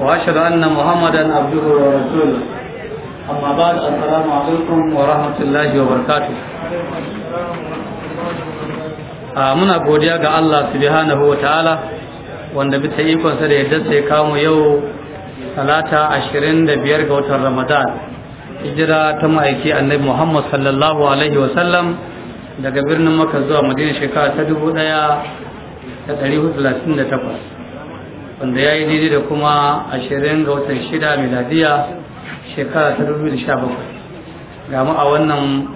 وأشهد أن محمدا عبده ورسوله أما بعد السلام عليكم ورحمة الله وبركاته muna godiya ga Allah subhanahu wa ta'ala wanda bisa ikon sa da yadda sai kamu yau talata ashirin da biyar ga watan ramadan hijira ta ma'aiki annabi muhammad sallallahu alaihi wasallam daga birnin maka zuwa madina shekara ta dubu ɗaya da ɗari hudu da takwas wanda ya yi daidai da kuma ashirin ga watan shida miladiya shekara ta dubu da sha bakwai ga mu a wannan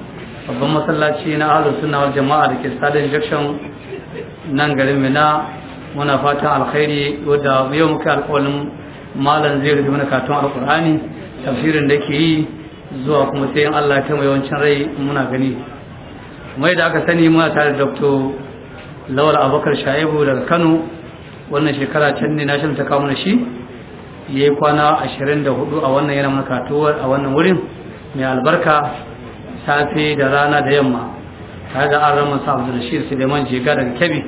babban masallaci na ahalar suna wal jama'a da ke stadium junction nan garin mina muna fatan alkhairi wadda yau muka alƙawarin malam zai rubuta mana katon alƙur'ani tafsirin da ke yi zuwa kuma sai yin Allah ta mai yawancin rai muna gani mai da aka sani muna tare da Dr. Lawal abokar Shaibu daga Kano wannan shekara can ne shi ta kawo shi ya yi kwana 24 a wannan yana makatuwar a wannan wurin mai albarka safe da rana da yamma Ta ga an rama sa abdulrashid suleiman jega daga kebbi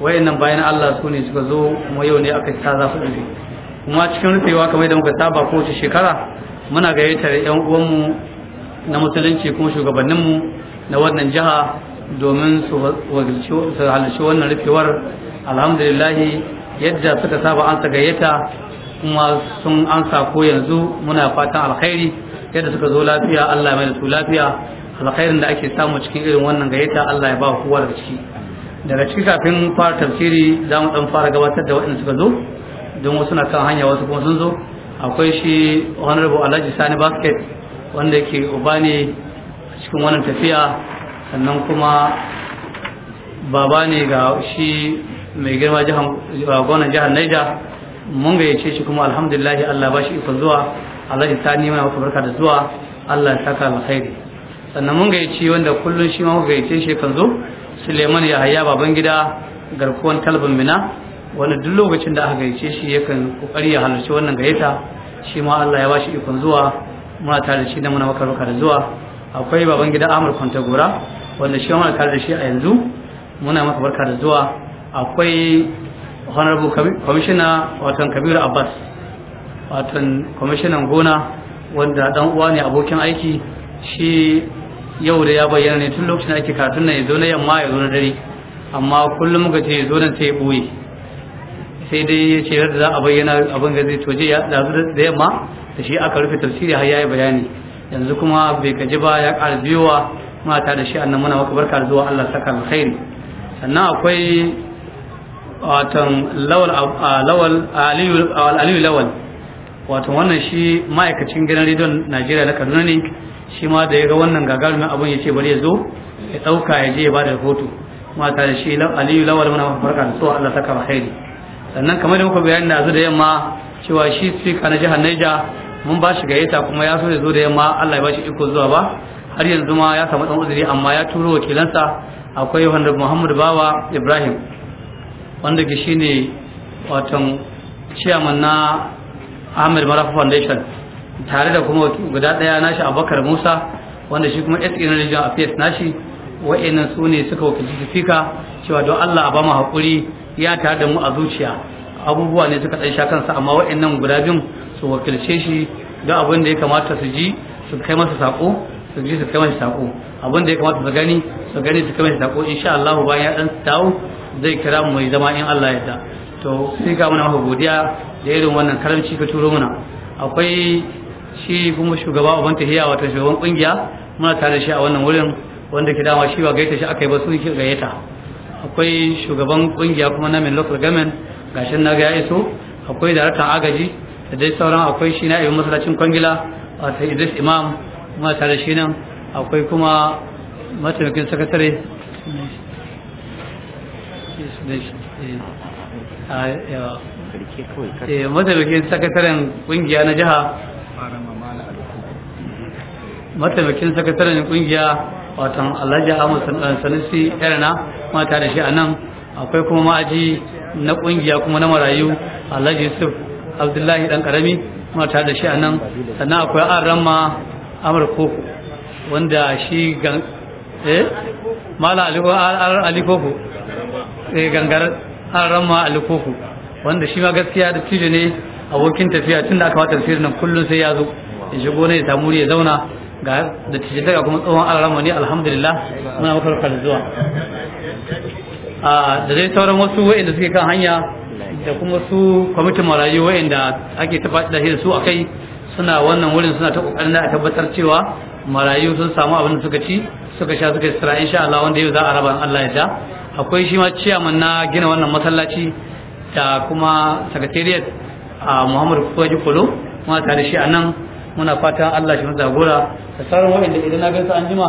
wayannan bayan allah su ne suka zo kuma yau ne aka ta za su rufe kuma cikin rufewa kamar da muka saba kowace shekara muna gayyatar yan uwanmu na musulunci kuma shugabanninmu na wannan jiha domin su halarci wannan rufewar alhamdulillah yadda suka saba an gayyata kuma sun ansa ko yanzu muna fatan alkhairi yadda suka zo lafiya Allah mai da su lafiya alkhairin da ake samu cikin irin wannan gayyata Allah ya ba kowa daga ciki daga ciki kafin fara tafsiri za mu dan fara gabatar da waɗanda suka zo don wasu na kan hanya wasu kuma sun zo akwai shi honorable alhaji sani basket wanda yake uba ne cikin wannan tafiya sannan kuma baba ne ga shi mai girma gwanan jihar uh, naija mun gayyace shi kuma alhamdulillah allah ba shi ikon zuwa alhaji sani mai maka barka da zuwa allah saka alkhairi sannan mun gayyace wanda kullum shi ma gayyace shi kan zo suleiman yahaya baban gida garkuwan talbin mina wani duk lokacin da aka gayyace shi yakan kokari ya halarci wannan gayyata shi ma allah ya ba shi ikon zuwa muna tare da shi da muna maka barka da zuwa akwai baban gida amur kwantagora wanda shi ma tare da shi a yanzu muna maka barka da zuwa akwai honorable commissioner watan kabiru abbas watan commissioner gona wanda dan uwa ne abokin aiki shi yau da ya bayyana ne tun lokacin ake karatun nan ya zo na yamma ya zo na dare amma kullum muka ce ya zo nan sai ya ɓoye sai dai ya ce da za a bayyana abin ga zai toje ya da yamma da shi aka rufe tafsiri har ya yi bayani yanzu kuma bai gaji ba ya ƙara biyowa mata da shi annan muna maka barka da zuwa Allah saka alkhairi sannan akwai watan lawal aliyu lawal watan wannan shi ma'aikacin gidan rediyon najeriya na kaduna ne shi ma da yaga wannan gagarumin abun ya ce bari ya zo ya ɗauka ya je ya ba da rahoto ta da shi aliyu lawal muna farka da so allah saka alkhairi sannan kamar da muka bayani da da yamma cewa shi speaker na jihar naija mun ba shi gayyata kuma ya so ya zo da yamma allah ya ba shi iko zuwa ba har yanzu ma ya samu dan uzuri amma ya turo wakilansa akwai wanda muhammad bawa ibrahim wanda ke shine watan chairman na Ahmed Marafa Foundation tare da kuma guda daya nashi Abubakar Musa wanda shi kuma SA Religion Affairs nashi wa'annan su ne suka wakilci fika cewa don Allah a ba mu haƙuri ya tare da mu a zuciya abubuwa ne suka ɗan sha kansa amma wa'annan guda biyun su wakilce shi da abin da ya kamata su ji su kai masa saƙo su ji su kai masa saƙo abin da ya kamata su gani su gani su kai masa saƙo insha Allah bayan ya dan dawo zai kira mu mai zama in Allah yadda to sai ga muna maka godiya da irin wannan karamci ka turo muna akwai shi kuma shugaba uban tahiya wato shugaban kungiya muna tare shi a wannan wurin wanda ke dama shi ba gaita shi aka ba sun shi gayyata akwai shugaban kungiya kuma na min local government gashin na ga ya iso akwai daraktan agaji da dai sauran akwai shi na ibn masallacin kwangila wato Idris Imam muna tare shi nan akwai kuma mataimakin sakatare Eh, eh, mataimakin sakataren kungiya na jiha mataimakin sakataren kungiya watan alhaji ahmad sanisi eh, yarana mata da shi a nan akwai kuma ma'aji na kungiya kuma na marayu alhaji yusuf abdullahi dan karami mata da shi a nan sannan akwai an rama amur koko wanda shi gan eh mala alikoko sai gangar an ramma alikuku wanda shi ma gaskiya da tijo ne abokin tafiya tun da aka wata tafiyar nan kullum sai ya zo ya shigo ne ya samu ya zauna ga da tijo daga kuma tsohon alrama ne alhamdulillah muna maka da zuwa da dai sauran wasu wa'inda suke kan hanya da kuma su kwamitin marayu wa'inda ake tabbatar da su akai suna wannan wurin suna ta kokarin da tabbatar cewa marayu sun samu abin da suka ci suka sha suka sira insha Allah wanda yau za a raba Allah ya ja akwai shi ma ciyaman na gina wannan masallaci da kuma sakatariyar a muhammad kwaji kolo muna tare shi a nan muna fatan allah shi mata gora da sauran waɗanda idan na gasa an jima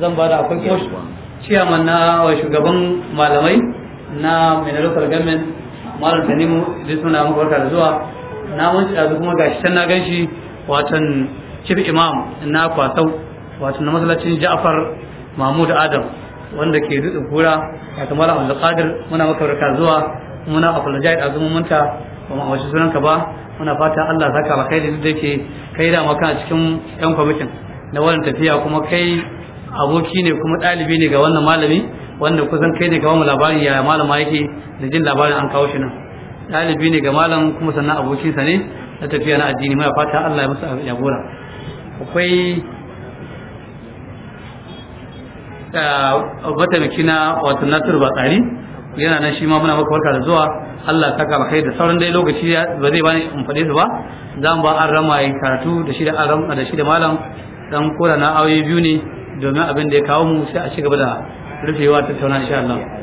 zan ba da akwai kuma ciyaman na shugaban malamai na mai local government malam tanimu idan suna mabarka da zuwa na manci kuma gashi can na gan shi watan chief imam na kwasau watan na masallacin ja'far mahmud adam wanda ke duɗin kura ya kamar abdul qadir muna maka barka zuwa muna apologize a manta ba mu ambaci sunanka ba muna fata Allah zaka ba kai da duk yake kai da maka cikin ɗan kwamitin na wannan tafiya kuma kai aboki ne kuma ɗalibi ne ga wannan malami wanda kusan kai ne ga mu labarin ya malama yake da jin labarin an kawo shi nan ɗalibi ne ga malam kuma sannan abokinsa ne na tafiya na addini muna fata Allah ya musu jagora akwai mataimaki na wato nasir batsari yana nan shi ma muna maka barka da zuwa Allah ta saka kai da sauran dai lokaci ba zai bani in faɗe su ba za mu ba an rama yi karatu da shi da an da shi da malam dan kora na aure biyu ne domin abin da ya kawo mu sai a ci gaba da rufewa tattauna insha Allah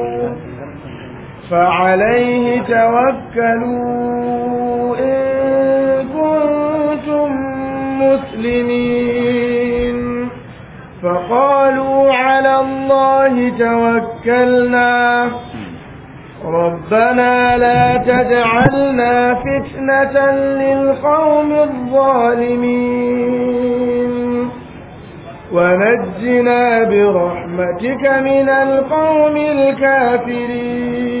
فعليه توكلوا إن كنتم مسلمين فقالوا على الله توكلنا ربنا لا تجعلنا فتنة للقوم الظالمين ونجنا برحمتك من القوم الكافرين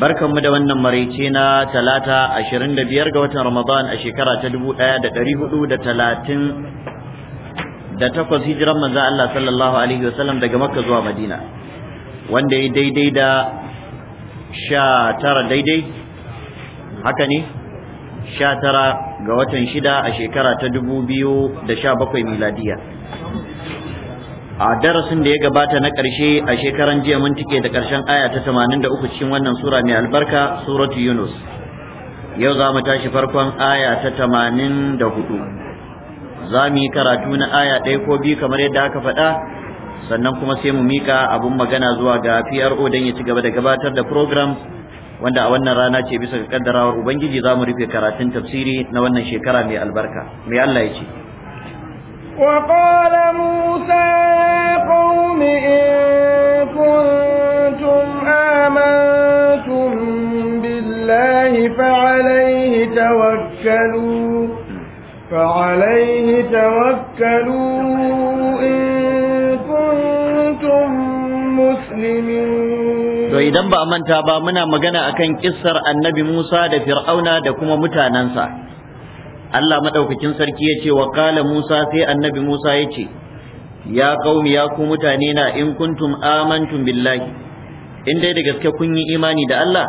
mu da wannan maraice na talata biyar ga watan ramadan a shekara ta 1438 da takwas hijiran manzo Allah sallallahu alaihi wasallam daga makka zuwa madina wanda ya daidai da sha tara daidai haka ne sha tara ga watan shida a shekara ta bakwai miladiya a darasin da ya gabata na ƙarshe a shekaran jiya mun tike da ƙarshen aya ta tamanin da uku cikin wannan sura mai albarka suratu yunus yau za mu tashi farkon aya ta tamanin da hudu, za mu yi karatu na aya ɗaya ko biyu kamar yadda aka faɗa sannan kuma sai mu mika abun magana zuwa ga PRO don ya ci gaba da gabatar da program wanda a wannan rana ce bisa ga kaddarawar ubangiji za mu rufe karatun tafsiri na wannan shekara mai albarka mai Allah ya ce وقال موسى يا قوم إن كنتم آمنتم بالله فعليه توكلوا فعليه توكلوا to idan ba manta ba muna magana akan kissar annabi Musa da Fir'auna da kuma mutanansa Allah madaukakin sarki ya ce wa qala Musa sai annabi Musa ya ce ya kaumi ya ku mutane na in kuntum amantum billahi in dai da gaske kun yi imani da Allah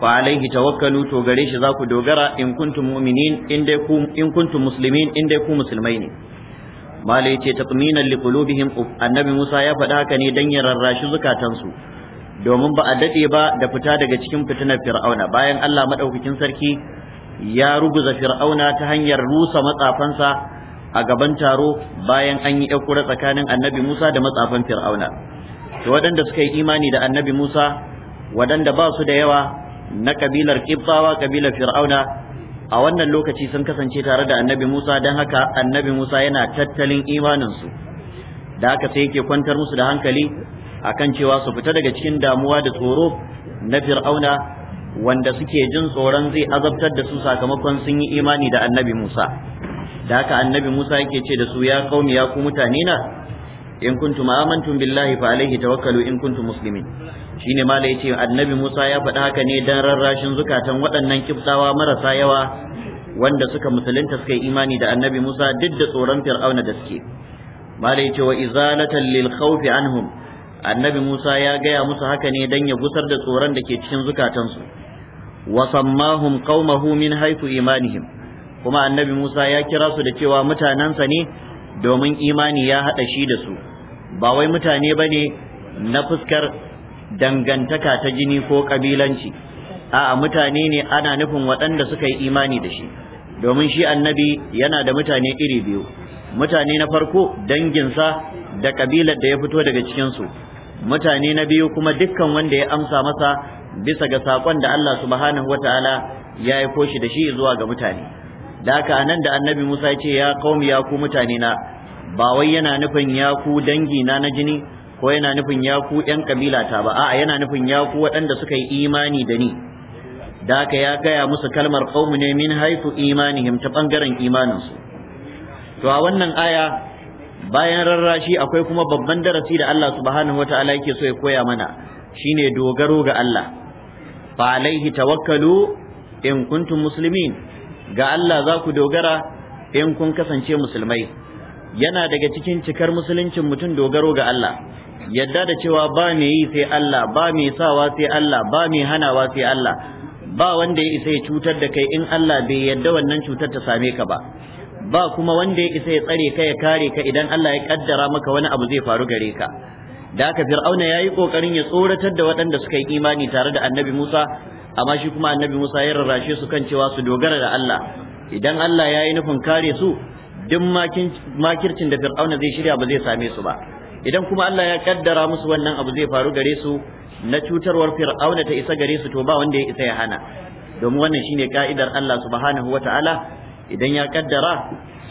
fa alaihi tawakkalu to gare shi za ku dogara in kuntum mu'minin in dai ku kuntum muslimin in dai ku musulmai ne malai ce tatminan qulubihim annabi Musa ya faɗa haka ne dan ya rarrashi zukatansu domin ba a dade ba da fita daga cikin fitinar fir'auna bayan Allah madaukakin sarki ya ruguza fir'auna ta hanyar rusa matsafansa a gaban taro bayan an yi ƙura tsakanin annabi Musa da matsafan fir'auna to waɗanda suka yi imani da annabi Musa waɗanda ba su da yawa na kabilar Kibtawa kabilar fir'auna a wannan lokaci sun kasance tare da annabi Musa don haka annabi Musa yana tattalin imaninsu da haka sai yake kwantar musu da hankali akan cewa su fita daga cikin damuwa da tsoro na fir'auna wanda suke jin tsoron zai azabtar da su sakamakon sun yi imani da annabi Musa da haka annabi Musa yake ce da su ya qaumi ya ku mutane na in kuntum amantum billahi fa alaihi tawakkalu in kuntum muslimin shine ma yace annabi Musa ya faɗa haka ne dan rarrashin zukatan waɗannan kibtsawa marasa yawa wanda suka musulunta suka yi imani da annabi Musa duk da tsoron Fir'auna da suke malai yace wa izalatan lil khawfi anhum annabi Musa ya gaya musu haka ne dan ya gusar da tsoron da ke cikin zukatansu wa sammahum qaumahu min haythu imanihim kuma annabi Musa ya kira su da cewa mutanansa ne domin imani ya hada shi da su ba wai mutane bane na fuskar dangantaka ta jini ko kabilanci a'a mutane ne ana nufin waɗanda suka yi imani da shi domin shi annabi yana da mutane iri biyu mutane na farko danginsa da kabilar da ya fito daga cikinsu mutane na biyu kuma dukkan wanda ya amsa masa bisa ga sakon da Allah subhanahu ta'ala ya aiko shi da shi zuwa ga mutane da haka nan da annabi Musa ya ce ya qaumi ya ku mutane na ba wai yana nufin ya ku dangi na na jini ko yana nufin ya ku yan kabila ta ba a'a yana nufin ya ku waɗanda suka yi imani da ni da haka ya gaya musu kalmar qaumu ne min haifu imanihim ta bangaren imaninsu to a wannan aya bayan rarrashi akwai kuma babban darasi da Allah subhanahu ala yake so ya koya mana shine dogaro ga Allah fa alaihi tawakkalu in kuntum muslimin ga Allah za ku dogara in kun kasance musulmai yana daga cikin cikar musuluncin mutum dogaro ga Allah yadda da cewa ba me yi sai Allah ba mai sawa sai Allah ba mai hanawa sai Allah ba wanda ya isa ya cutar da kai in Allah bai yadda wannan cutar ta same ka ba ba kuma wanda ya isa ya tsare ka ya kare ka idan Allah ya kaddara maka wani abu zai faru gare ka da haka fir'auna ya yi ƙoƙarin ya tsoratar da waɗanda suka yi imani tare da annabi musa amma shi kuma annabi musa ya rarrashe su kan cewa su dogara da allah idan allah ya yi nufin kare su duk makircin da fir'auna zai shirya ba zai same su ba idan kuma allah ya kaddara musu wannan abu zai faru gare su na cutarwar fir'auna ta isa gare su to ba wanda ya isa ya hana domin wannan shine ka'idar allah subhanahu wataala idan ya kaddara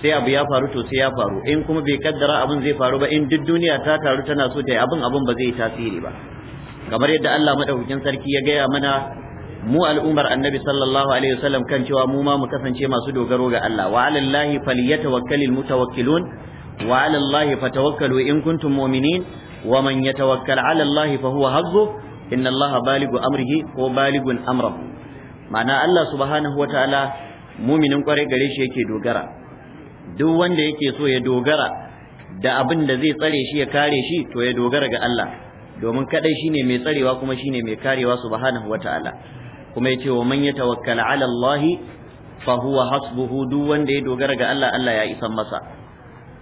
sai abu ya faru to sai ya faru in kuma bai kaddara abin zai faru ba in duk duniya ta taru tana so ta yi abin abin ba zai tasiri ba kamar yadda Allah madaukakin sarki ya gaya mana mu al'ummar annabi sallallahu alaihi wasallam kan cewa mu ma mu kasance masu dogaro ga Allah wa alallahi falyatawakkalul mutawakkilun wa alallahi fatawakkalu in kuntum mu'minin wa man yatawakkal ala Allah fa huwa hazzu inna Allah baligu amrihi ko baligun amrahu ma'ana Allah subhanahu ta'ala muminin kware gare shi yake dogara duk wanda yake so ya dogara da abin da zai tsare shi ya kare shi to ya dogara ga Allah domin kadai shine mai tsarewa kuma shine mai karewa subhanahu wataala kuma yace wa man yatawakkala ala Allah fa huwa hasbuhu duk wanda ya dogara ga Allah Allah ya isan masa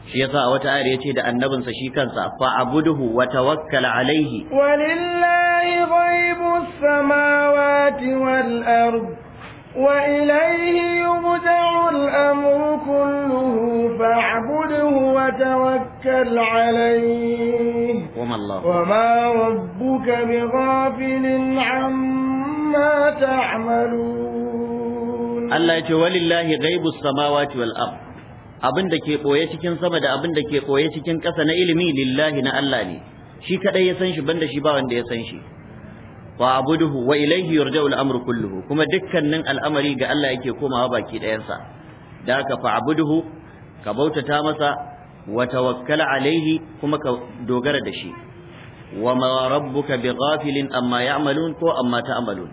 shi yasa a wata ayar yace da annabinsa shi kansa fa abuduhu wa tawakkal alaihi walillahi ghaibus samawati wal ardh وإليه يرجع الأمر كله فاعبده وتوكل عليه وما الله وما ربك بغافل عما تعملون الله يقول ولله غيب السماوات والأرض abin da ke koye cikin sama da abin da ke koye cikin ƙasa na ilimi lillahi na Allah ne shi kaɗai ya san shi banda shi ba wanda ya san shi wa abuduhu wa ilaihi yurja'u al-amru kulluhu kuma dukkanin al'amari ga Allah yake komawa baki ɗayansa da haka fa abuduhu ka bautata masa wa tawakkala alaihi kuma ka dogara da shi wa ma rabbuka bighafilin amma ya'malun ko amma ta'malun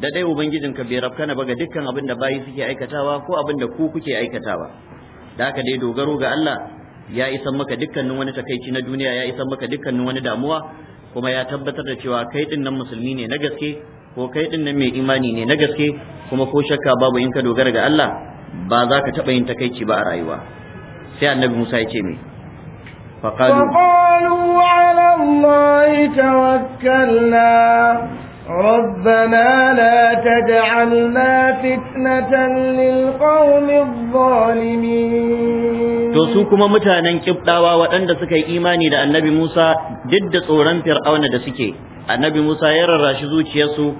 da dai ubangijinka bai rabkana ba ga dukkan abin da bayi suke aikatawa ko abin da ku kuke aikatawa da haka dai dogaro ga Allah ya isan maka dukkanin wani takaici na duniya ya isan maka dukkanin wani damuwa kuma ya tabbatar da cewa kai din nan musulmi ne na gaske ko kai din nan mai imani ne na gaske kuma ko shakka babu in ka dogara ga Allah ba za ka taɓa yin takaici ba a rayuwa sai annabi Musa ya ce me فقالوا فقالوا على ربنا لا تجعلنا فتنة للقوم الظالمين to su kuma mutanen kibdawa waɗanda suka yi imani da annabi Musa duk da tsoron fir'auna da suke annabi Musa ya rarrashi zuciyarsu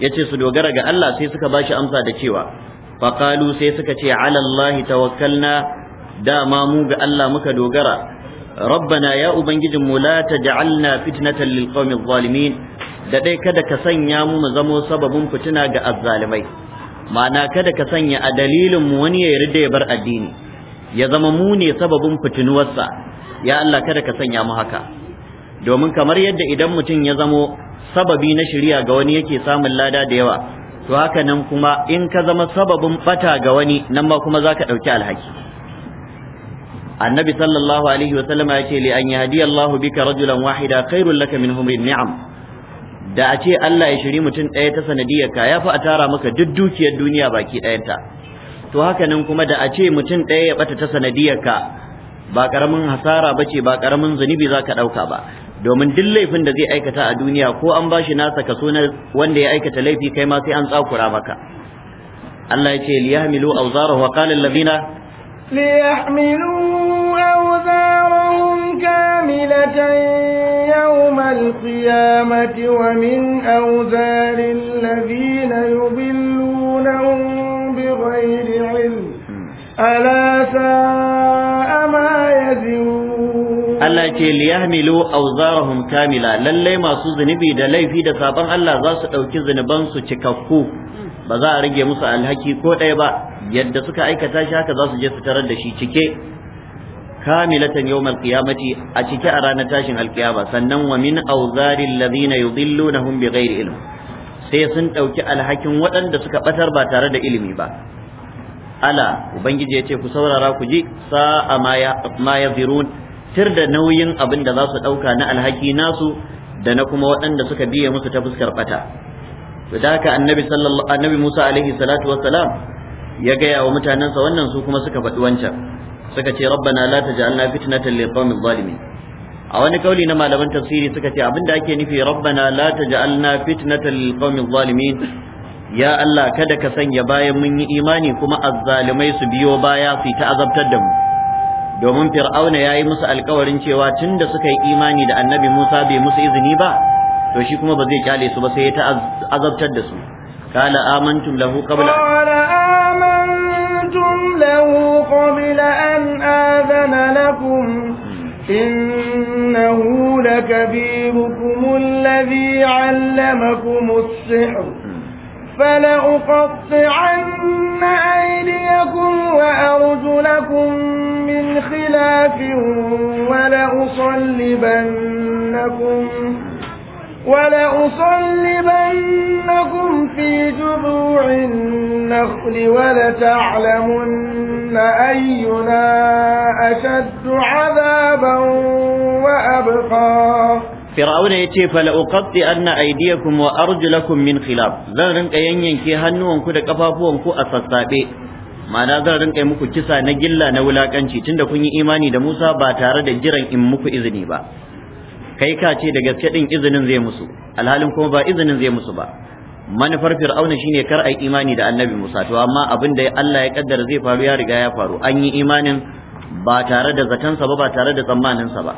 yace su dogara ga Allah sai suka bashi amsa da cewa faqalu sai suka ce ala Allah tawakkalna dama mu ga Allah muka dogara rabbana ya ubangijinmu la taj'alna fitnatan lilqawmi adh da dai kada ka sanya mu mu zamo sababin fitina ga azzalimai ma'ana kada ka sanya a dalilin mu wani ya yarda ya bar addini ya zama mu ne sababin fitinuwarsa ya Allah kada ka sanya mu haka domin kamar yadda idan mutum ya zamo sababi na shari'a ga wani yake samun lada da yawa to haka nan kuma in ka zama sababin bata ga wani nan ma kuma zaka dauki alhaki annabi sallallahu alaihi wasallama ya ce li an yahdi Allahu bika rajulan wahida khairul laka min humri, ni'am da a ce Allah ya shiri mutum ɗaya ta sanadiyar ka ya fi a tara maka duk dukiyar duniya baki ɗayanta to hakanan kuma da a ce mutum ɗaya ya ɓata ta sanadiyar ka ba ƙaramin hasara ba ce ba ƙaramin zunubi za ka ɗauka ba domin duk laifin da zai aikata a duniya ko an bashi nasa kaso na wanda ya aikata laifi kai ma sai an tsakura maka Allah ya ce liyahmilu wa qala allazina liyahmilu كاملة يوم القيامة ومن أوزار الذين يضلونهم بغير علم ألا ساء ما يزرون Allah ce liyahmilu awzarahum kamila lallai masu zunubi da laifi da sabon Allah za su dauki zunuban su cikakku ba za a rage musu alhaki ko ɗaya ba yadda suka aikata shi haka za su je su da shi cike kamilatan yawmal qiyamati a cike a ranar tashin alkiyama sannan wa min awzaril ladina yudillunahum bighairi ilm sai sun ɗauki alhakin waɗanda suka ɓatar ba tare da ilimi ba ala ubangiji ya ce ku saurara ku ji sa'a ma ya ma tir da nauyin abin da za su ɗauka na alhaki nasu da na kuma waɗanda suka biya musu ta fuskar bata to da haka annabi sallallahu annabi Musa alaihi salatu wassalam ya gaya wa mutanensa wannan su kuma suka faɗi wancan suka ce rabbana la taj'alna fitnatan liqaumiz zalimin a wani kauli na malaman tafsiri suka ce abinda ake nufi rabbana la taj'alna fitnatan liqaumiz zalimin ya Allah kada ka sanya bayan mun yi imani kuma azzalimai su biyo baya su ta azabtar da mu domin fir'auna yayi musu alkawarin cewa tunda suka yi imani da annabi Musa bai musu izini ba to shi kuma ba zai kyale su ba sai ya ta azabtar da su kala amantum lahu qabla له قبل أن آذن لكم إنه لكبيركم الذي علمكم السحر فلأقطعن أيديكم وأرجلكم من خلاف ولأصلبنكم ولأصلبنكم في جذوع النخل ولتعلمن أينا أشد عذابا وأبقى فرعون يتي فلأقطع أن أيديكم وأرجلكم من خلاف زرن كيان ينكي هنوان كده كفافوان كو أساسابي ma'ana zan rinka muku kisa na gilla na wulakanci tunda kun yi imani da Musa ba tare da jiran in muku izini ba kai ka ce da gaske din izinin zai musu alhalin kuma ba izinin zai musu ba manufar fir'auna shine kar ai imani da annabi Musa to amma abin da Allah ya kaddara zai faru ya riga ya faru an yi imanin ba tare da zatansa ba ba tare da tsammaninsa ba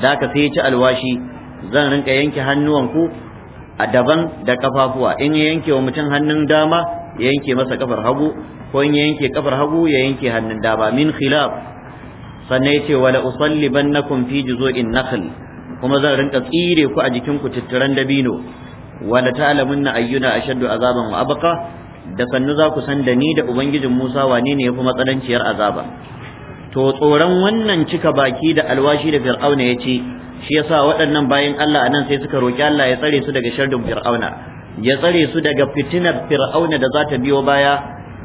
da ka sai ya ci alwashi zan rinka yanke hannuwanku a daban da kafafuwa in ya yanke wa mutum hannun dama ya yanke masa kafar hagu ko in ya yanke kafar hagu ya yanke hannun dama min khilaf sannan ya ce wala usallibannakum fi juzu'in nakhl kuma zan rinka tsire ku a jikin ku dabino wala ta'lamunna ayyuna ashaddu azaban wa abqa da sannu za ku san da ni da ubangijin Musa wane ne yafi matsalanciyar azaba to tsoron wannan cika baki da alwashi da fir'auna ya ce shi yasa waɗannan bayan Allah anan sai suka roki Allah ya tsare su daga sharrin fir'auna ya tsare su daga fitinar fir'auna da za ta biyo baya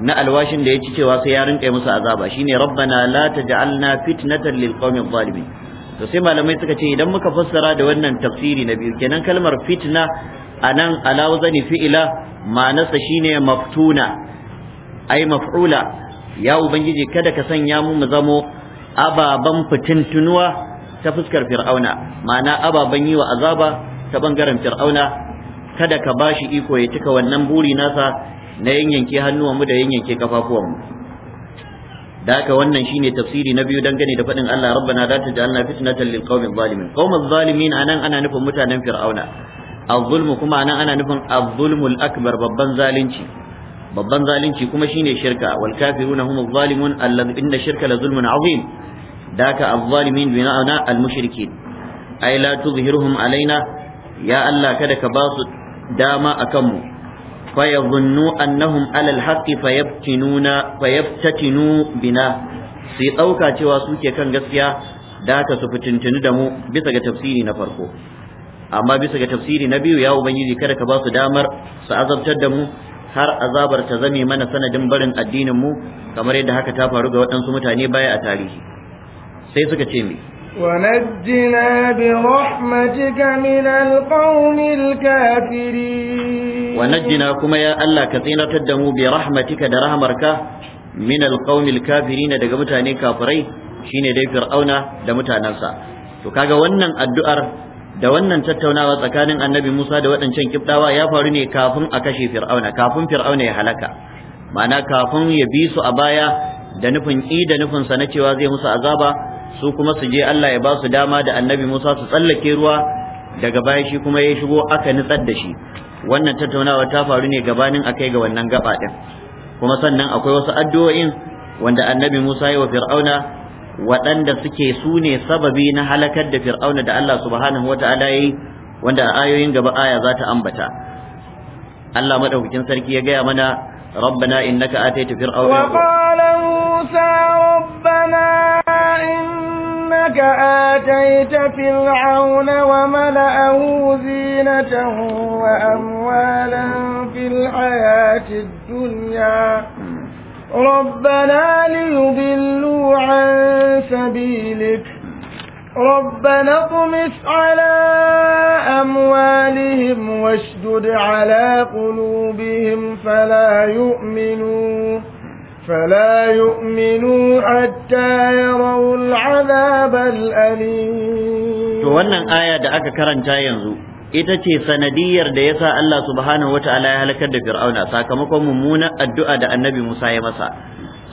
na alwashin da ya ci cewa sai ya rinka musu azaba shine rabbana la taj'alna fitnatan lilqawmi adh-dhalimin to sai malamai suka ce idan muka fassara da wannan tafsiri na biyu kenan kalmar fitna anan alawuzani fi'ila ma'anarsa shine maftuna ai maf'ula ya ubangiji kada ka sanya mu mu zamo ababan fitintunuwa ta fuskar fir'auna ma'ana ababan yi wa azaba ta bangaren fir'auna kada ka bashi iko ya cika wannan buri nasa na yanyanke hannuwanmu da yanyanke kafafuwanmu da haka wannan shine tafsiri na biyu dangane da faɗin Allah rabbana la taj'alna fitnatan lil qaumiz zalimin qaumiz zalimin anan ana nufin mutanen fir'auna az-zulm kuma anan ana nufin az-zulmul akbar babban zalunci babban zalunci kuma shine shirka wal kafiruna humuz zalimun alladhi inna shirka la zulmun azim da haka az-zalimin bina'ana al-mushrikin ay la tuzhiruhum alaina ya Allah kada ka basu dama akan mu fayadhunnu annahum alal haqqi fayaftinuna fayaftinu bina sai dauka cewa suke kan gaskiya da haka su fitintinu da mu bisa ga tafsiri na farko amma bisa ga tafsiri na biyu ya ubangiji kada ka ba su damar su azabtar da mu har azabar ta zame mana sanadin barin addinin mu kamar yadda haka ta faru ga waɗansu mutane baya a tarihi sai suka ce me ونجنا برحمتك من القوم الكافرين ونجنا كما يا الله كثيرا تدمو برحمتك درهمرك من القوم الكافرين daga mutane كافري shine dai fir'auna da mutanansa to kaga wannan addu'ar da wannan tattaunawa tsakanin annabi Musa da waɗancan kibdawa ya faru ne kafin a kashe fir'auna kafin fir'auna ya halaka ma'ana kafin ya bi su a baya da nufin i da nufin sa na cewa zai musu azaba su kuma su je Allah ya ba su dama da annabi Musa su tsallake ruwa daga baya shi kuma ya shigo aka nitsar da shi wannan tattaunawa ta faru ne gabanin akai ga wannan gaba din kuma sannan akwai wasu addu'o'in wanda annabi Musa ya wa Fir'auna waɗanda suke su ne sababi na halakar da Fir'auna da Allah subhanahu wata'ala yayi wanda a ayoyin gaba aya za ta ambata Allah madaukakin sarki ya gaya mana ربنا إنك آتيت فرعون وقال موسى ربنا إن إنك آتيت فرعون وملأه زينة وأموالا في الحياة الدنيا ربنا ليضلوا عن سبيلك ربنا اطمس على أموالهم واشدد على قلوبهم فلا يؤمنون فلا يؤمنوا حتى يروا العذاب الأليم wannan aya da aka karanta yanzu ita ce sanadiyar da yasa Allah subhanahu wataala ya halakar da Fir'auna sakamakon mummunan addu'a da Annabi Musa ya masa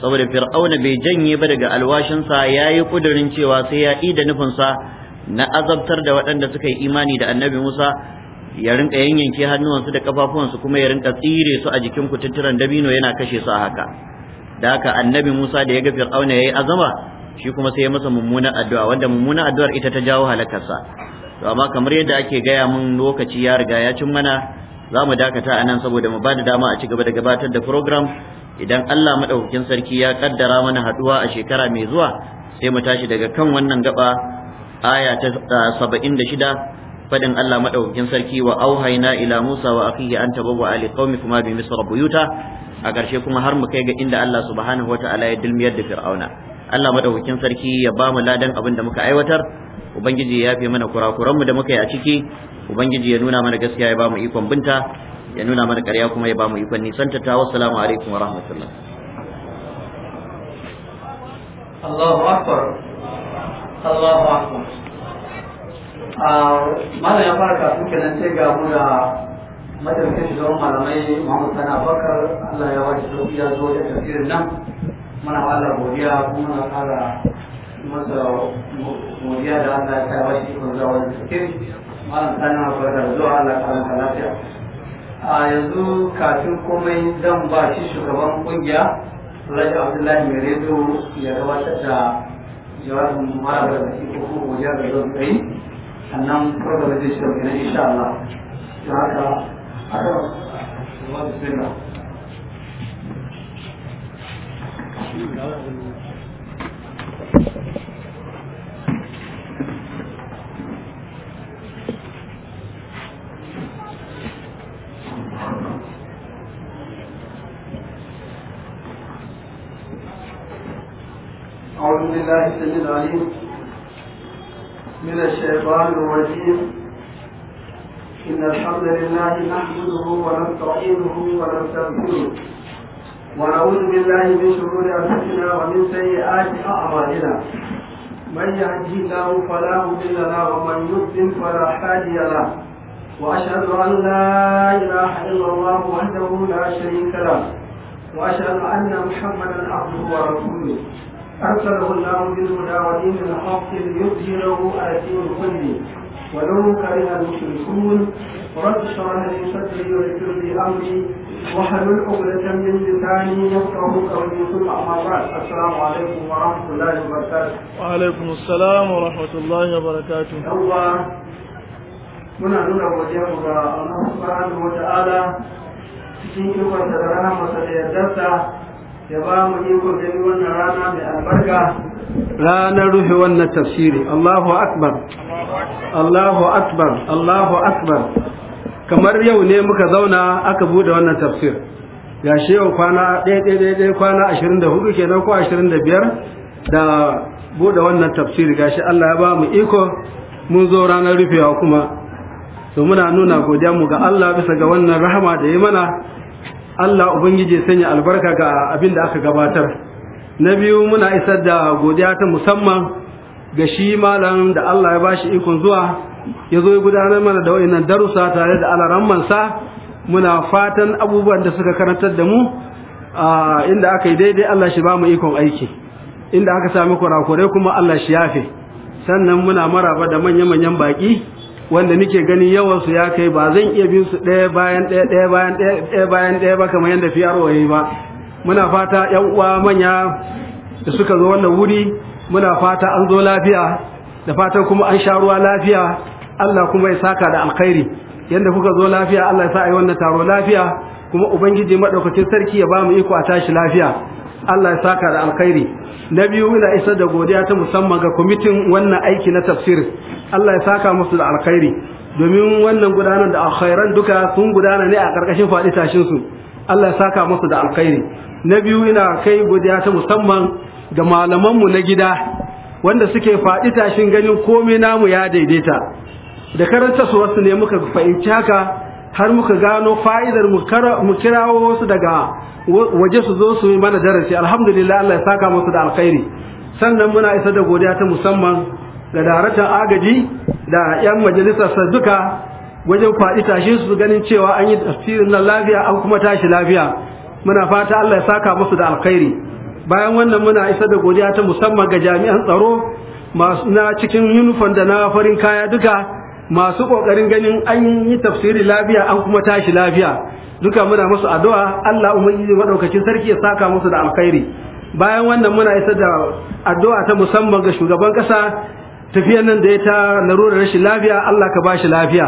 saboda Fir'auna bai janye ba daga alwashin sa yayi kudirin cewa sai ya ida nufinsa na azabtar da waɗanda suka yi imani da Annabi Musa ya rinka yanyanke hannuwansu da kafafuwansu kuma ya rinka tsire su a jikin kututturan dabino yana kashe su a haka da haka annabi Musa da ya ga Fir'auna yayi azama shi kuma sai ya masa mummunan addu'a wanda mummunan addu'ar ita ta jawo halakarsa to amma kamar yadda ake gaya mun lokaci ya riga ya cin mana za mu dakata a nan saboda mu ba da dama a ci gaba da gabatar da program idan Allah madaukakin sarki ya kaddara mana haduwa a shekara mai zuwa sai mu tashi daga kan wannan gaba aya ta 76 fadin Allah madaukakin sarki wa auhayna ila Musa wa akhihi an tabawwa ali qaumi kuma bi misra buyuta a ƙarshe kuma har mu kai ga inda Allah subhanahu wata'ala ya dilmiyar da fir'auna Allah madaukakin sarki ya ba mu ladan abin da muka aiwatar ubangiji ya yafe mana kurakuran mu da muka yi a ciki ubangiji ya nuna mana gaskiya ya ba mu ikon binta ya nuna mana ƙarya kuma ya ba mu ikon nisanta ta wassalamu alaikum wa rahmatullah Allahu akbar Allahu akbar Ah, mana ya fara kafin kenan sai ga mu da madalkin shugaban malamai Muhammad Sani Abubakar Allah ya wace sauki ya zo da tafsirin nan muna ba Allah godiya kuma muna fara masa godiya da Allah ya kai wace ikon zuwa wani tafsir malam Sani Abubakar da zuwa Allah ya karanta lafiya a yanzu kafin komai zan ba shi shugaban kungiya Alhaji Abdullahi mai rezo ya gabatar da jawabin mara da iko ko godiya da zuwa kai sannan kuma da zai shiga kenan insha Allah. أعوذ بالله السميع العليم من الشيطان الرجيم إن الحمد لله نحمده ونستعينه ونستغفره ونعوذ بالله من شرور أنفسنا ومن سيئات أعمالنا من يهده الله فلا مضل له ومن يظلم فلا هادي له وأشهد أن لا إله إلا الله وحده لا شريك له وأشهد أن محمدا عبده ورسوله أرسله الله بالهدى ودين الحق ليظهره على الدين كله ولو كره المشركون رد اشرح لي صدري في امري وحلل عقدة من لساني يفقه قولي كل اما بعد السلام عليكم ورحمة الله وبركاته. وعليكم السلام ورحمة الله وبركاته. الله muna nuna godiya الله سبحانه وتعالى cikin ikon da rana masa da yardarsa ya ba mu ikon rana mai albarka ranar rufe wannan tafsiri Allahu akbar Allahu akbar Allahu akbar kamar yau ne muka zauna aka bude wannan tafsir gashi yau kwana ɗaya ɗaya ɗaya kwana ashirin da hudu kenan ko ashirin da biyar da bude wannan tafsiri gashi Allah ya ba mu iko mun zo ranar rufewa kuma to muna nuna godiya mu ga Allah bisa ga wannan rahama da ya mana Allah ubangiji sanya albarka ga abin da aka gabatar na biyu muna isar da godiya ta musamman ga shi malam da Allah ya bashi ikon zuwa ya zo gudanar mana da wa'annan darussa tare da alarammansa muna fatan abubuwan da suka karantar da mu inda aka yi daidai Allah shi ba mu ikon aiki inda aka sami kurakurai kuma Allah shi yafe sannan muna maraba da manya-manyan baki wanda nake gani yawan su ya kai ba zan iya bin su ɗaya bayan ɗaya ɗaya bayan ɗaya ba kamar yadda fiyarwa yi ba muna fata yan uwa manya da suka zo wannan wuri muna fata an zo lafiya da fatan kuma an sha ruwa lafiya Allah kuma ya saka da alkhairi yanda kuka zo lafiya Allah ya sa ayi wannan taro lafiya kuma ubangiji madaukakin sarki ya ba mu iko a tashi lafiya Allah ya saka da alkhairi na biyu ina isar da godiya ta musamman ga kwamitin wannan aiki na tafsir Allah ya saka musu da alkhairi domin wannan gudanar da alkhairan duka sun gudana ne a ƙarƙashin faɗi tashin su Allah ya saka musu da alkhairi na biyu ina kai godiya ta musamman ga malamanmu na gida wanda suke faɗi tashin ganin komai namu ya daidaita da karanta su wasu ne muka fahimci haka har muka gano fa'idar mu kirawo wasu daga waje su zo su yi mana darasi alhamdulillah Allah ya saka musu da alkhairi sannan muna isa da godiya ta musamman ga daratan agaji da 'yan majalisar duka wajen faɗi tashin su ganin cewa an yi tafsirin na lafiya an kuma tashi lafiya muna fata Allah ya saka musu da alkhairi bayan wannan muna isa da godiya ta musamman ga jami'an tsaro masu na cikin uniform da na farin kaya duka masu kokarin ganin an yi tafsiri lafiya an kuma tashi lafiya duka muna musu addu'a Allah ubangiji madaukakin sarki ya saka musu da alkhairi bayan wannan muna isa da addu'a ta musamman ga shugaban kasa tafiyar nan da ya ta larurar rashin lafiya Allah ka bashi lafiya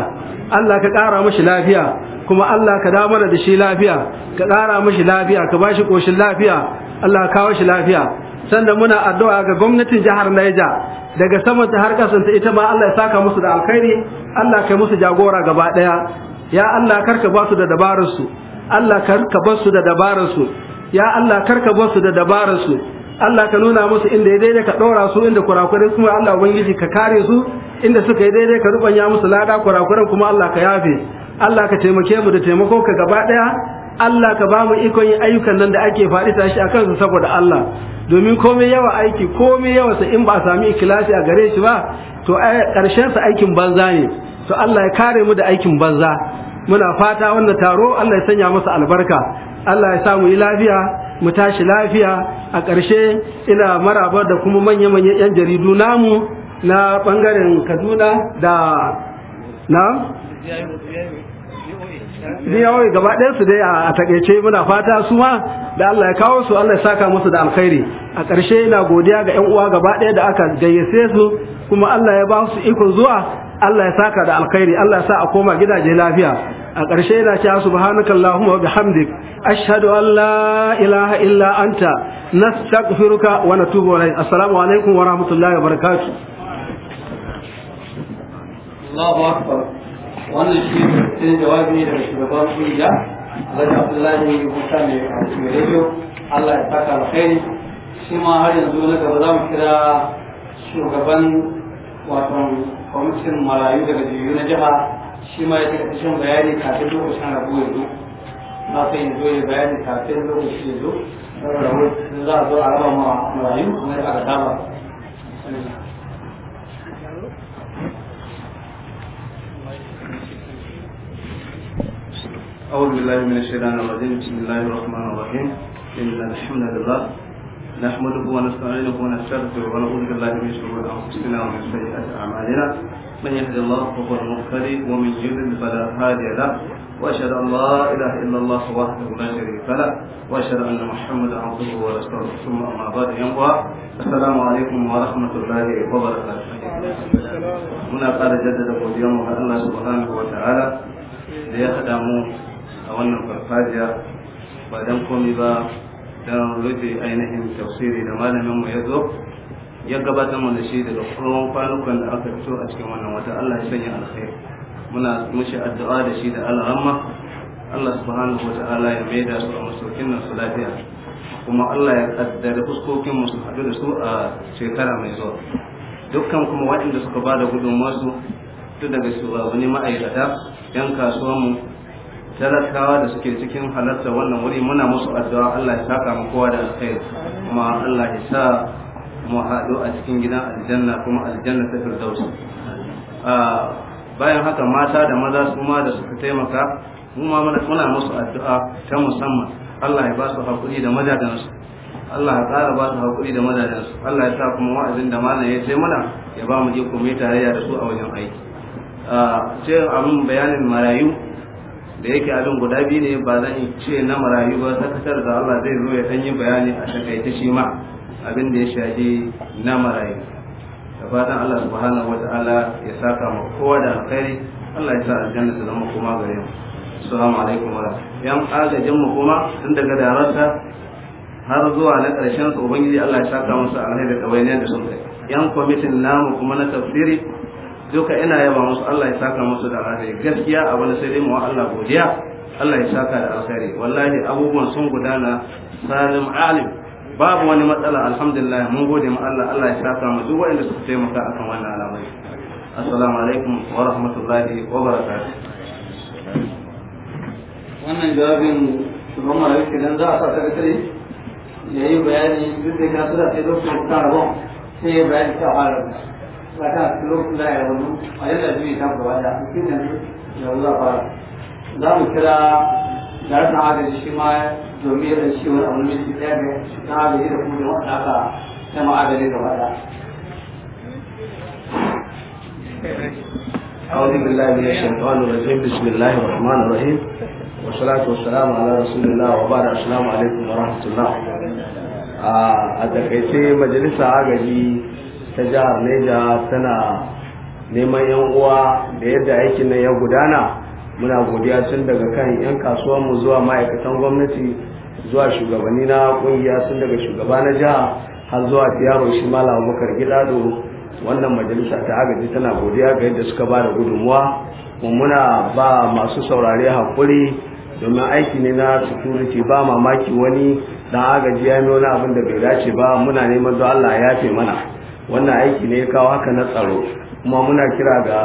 Allah ka kara mashi lafiya kuma Allah ka da mana da shi lafiya ka ƙara mashi lafiya ka bashi koshin lafiya Allah kawo shi lafiya Sannan muna addu'a ga gwamnatin jihar Niger daga saman ta har kasan ta ita ma Allah ya saka musu da alkhairi Allah kai musu jagora gaba daya ya Allah karka ba su da dabarar su Allah karka ba su da dabarar su ya Allah karka ba su da dabarar su Allah ka nuna musu inda ya daidai ka dora su inda kurakurai kuma Allah ubangiji ka kare su inda suka yi daidai ka rubanya musu lada kurakuran kuma Allah ka yafe Allah ka taimake mu da taimako ka gaba daya Allah ka ba mu ikon yin ayyukan nan da ake faɗi tashi a kansu saboda Allah domin komai yawa aiki komai yawa sa in ba a sami ikilasi a gare shi ba to ƙarshen sa aikin banza ne to Allah ya kare mu da aikin banza muna fata wannan taro Allah ya sanya masa albarka Allah ya sa mu yi lafiya mu tashi lafiya a ƙarshe ina maraba da kuma manya-manyan 'yan jaridu namu na ɓangaren Kaduna da na yawai gaba ɗayan su dai a takaice muna fata su ma da Allah ya kawo su Allah ya saka musu da alkhairi a ƙarshe ina godiya ga ƴan uwa gaba ɗaya da aka gayyace su kuma Allah ya ba su ikon zuwa Allah ya saka da alkhairi Allah ya sa a koma gidaje lafiya a ƙarshe ina cewa subhanakallahumma wa bihamdik ashhadu an la ilaha illa anta nastaghfiruka wa natubu ilayk assalamu alaikum wa rahmatullahi wa barakatuh Allahu akbar wannan shi ne jawabi daga shugaban kungiya alhaji abdullahi musa mai kwanci rediyo allah ya saka alkhairi shi ma har yanzu na gaba za mu kira shugaban wato kwamitin marayu daga jiyu na jiha shi ma ya taka tashin bayani kafin lokacin rabu yanzu na sai yanzu ya bayani kafin lokacin yanzu za a zo a raba marayu kuma ya aka dama أعوذ بالله من الشيطان الرجيم بسم الله الرحمن الرحيم إن الحمد لله نحمده ونستعينه ونستغفره ونعوذ بالله من شرور أنفسنا ومن سيئات أعمالنا من يهد الله فهو المهتدي ومن يضلل فلا هادي له وأشهد أن لا إله إلا الله وحده لا شريك له وأشهد أن محمدا عبده ورسوله ثم أما بعد ينقى السلام عليكم ورحمة الله وبركاته هنا قال جدد godiya mu الله سبحانه وتعالى ليخدموا a wannan farfajiya ba don komi ba don rufe ainihin tafsiri da malaminmu ya zo ya gabatar mu da shi daga kurwan kwanukan da aka fito a cikin wannan wata Allah ya sanya alkhair. muna mushi addu'a da shi da alhamma Allah subhanahu wa ta'ala ya mai da su a masaukin nan su lafiya kuma Allah ya kaddara fuskokin mu su haɗu da su a shekara mai zuwa dukkan kuma waɗanda suka ba da gudunmuwarsu duk daga shugabanni ma'aikata 'yan kasuwanmu talakawa da suke cikin halarta wannan wuri muna musu addu'a Allah ya saka mu kowa da alkhair kuma Allah ya sa mu haɗu a cikin gidan aljanna kuma aljanna ta firdausi bayan haka mata da maza su ma da suka taimaka mu ma muna musu addu'a ta musamman Allah ya ba su hakuri da madadansu. Allah ya ƙara ba su hakuri da mazajensu Allah ya sa kuma wa'azin da malam ya ce muna ya ba mu je kuma tarayya da su a wajen aiki Ce abin bayanin marayu da yake abin guda biyu ne ba zan ce na marayu ba sakatar da Allah zai zo ya yi bayani a takaita shi ma abin da ya shafi na marayu da fatan Allah subhanahu wa ta'ala ya saka ma kowa da alkhairi Allah ya sa aljanna su zama kuma gare mu assalamu alaikum wa yan agajin mu kuma tun daga darasa har zuwa na karshen su ubangiji Allah ya saka musu alheri da kawainiyar da sun kai yan kwamitin namu kuma na tafsiri duka ina yaba musu Allah ya saka musu da alheri gaskiya a wani sai dai mu Allah godiya Allah ya saka da alheri wallahi abubuwan sun gudana salim alim babu wani matsala alhamdulillah mun gode mu Allah Allah ya saka mu duk wanda suka taimaka akan wannan al'amari assalamu alaikum wa rahmatullahi wa barakatuh wannan jawabin shugaban marayu kenan za a sa sakatare ya yi bayani duk da ka tura sai lokacin kuka rabon sai ya bayani ta fara ba lokacin da ya wani a yadda zai ta gaba da cikin da ya za fara za mu kira da na agaji shi ma domin yadda shi wani abu ne shi ɗaya na agaji da kuma jama'a da aka sama agaji gaba da أعوذ بالله من الشيطان الرجيم بسم الله الرحمن الرحيم والصلاة والسلام على رسول الله وبارك السلام عليكم ورحمة الله a takaice majalisa agaji ta jihar Neja tana neman yan uwa da yadda aikin nan ya gudana muna godiya tun daga kan yan mu zuwa ma'aikatan gwamnati zuwa shugabanni na kungiya tun daga shugaba na jiha har zuwa yaro shi mala abubakar gidado wannan majalisa ta agaji tana godiya ga yadda suka ba da gudunmuwa muna ba masu saurare hakuri domin aiki ne na security ba mamaki wani dan agaji ya nuna abin da bai dace ba muna neman don Allah ya yafe mana wannan aiki ne ya kawo haka na tsaro kuma muna kira ga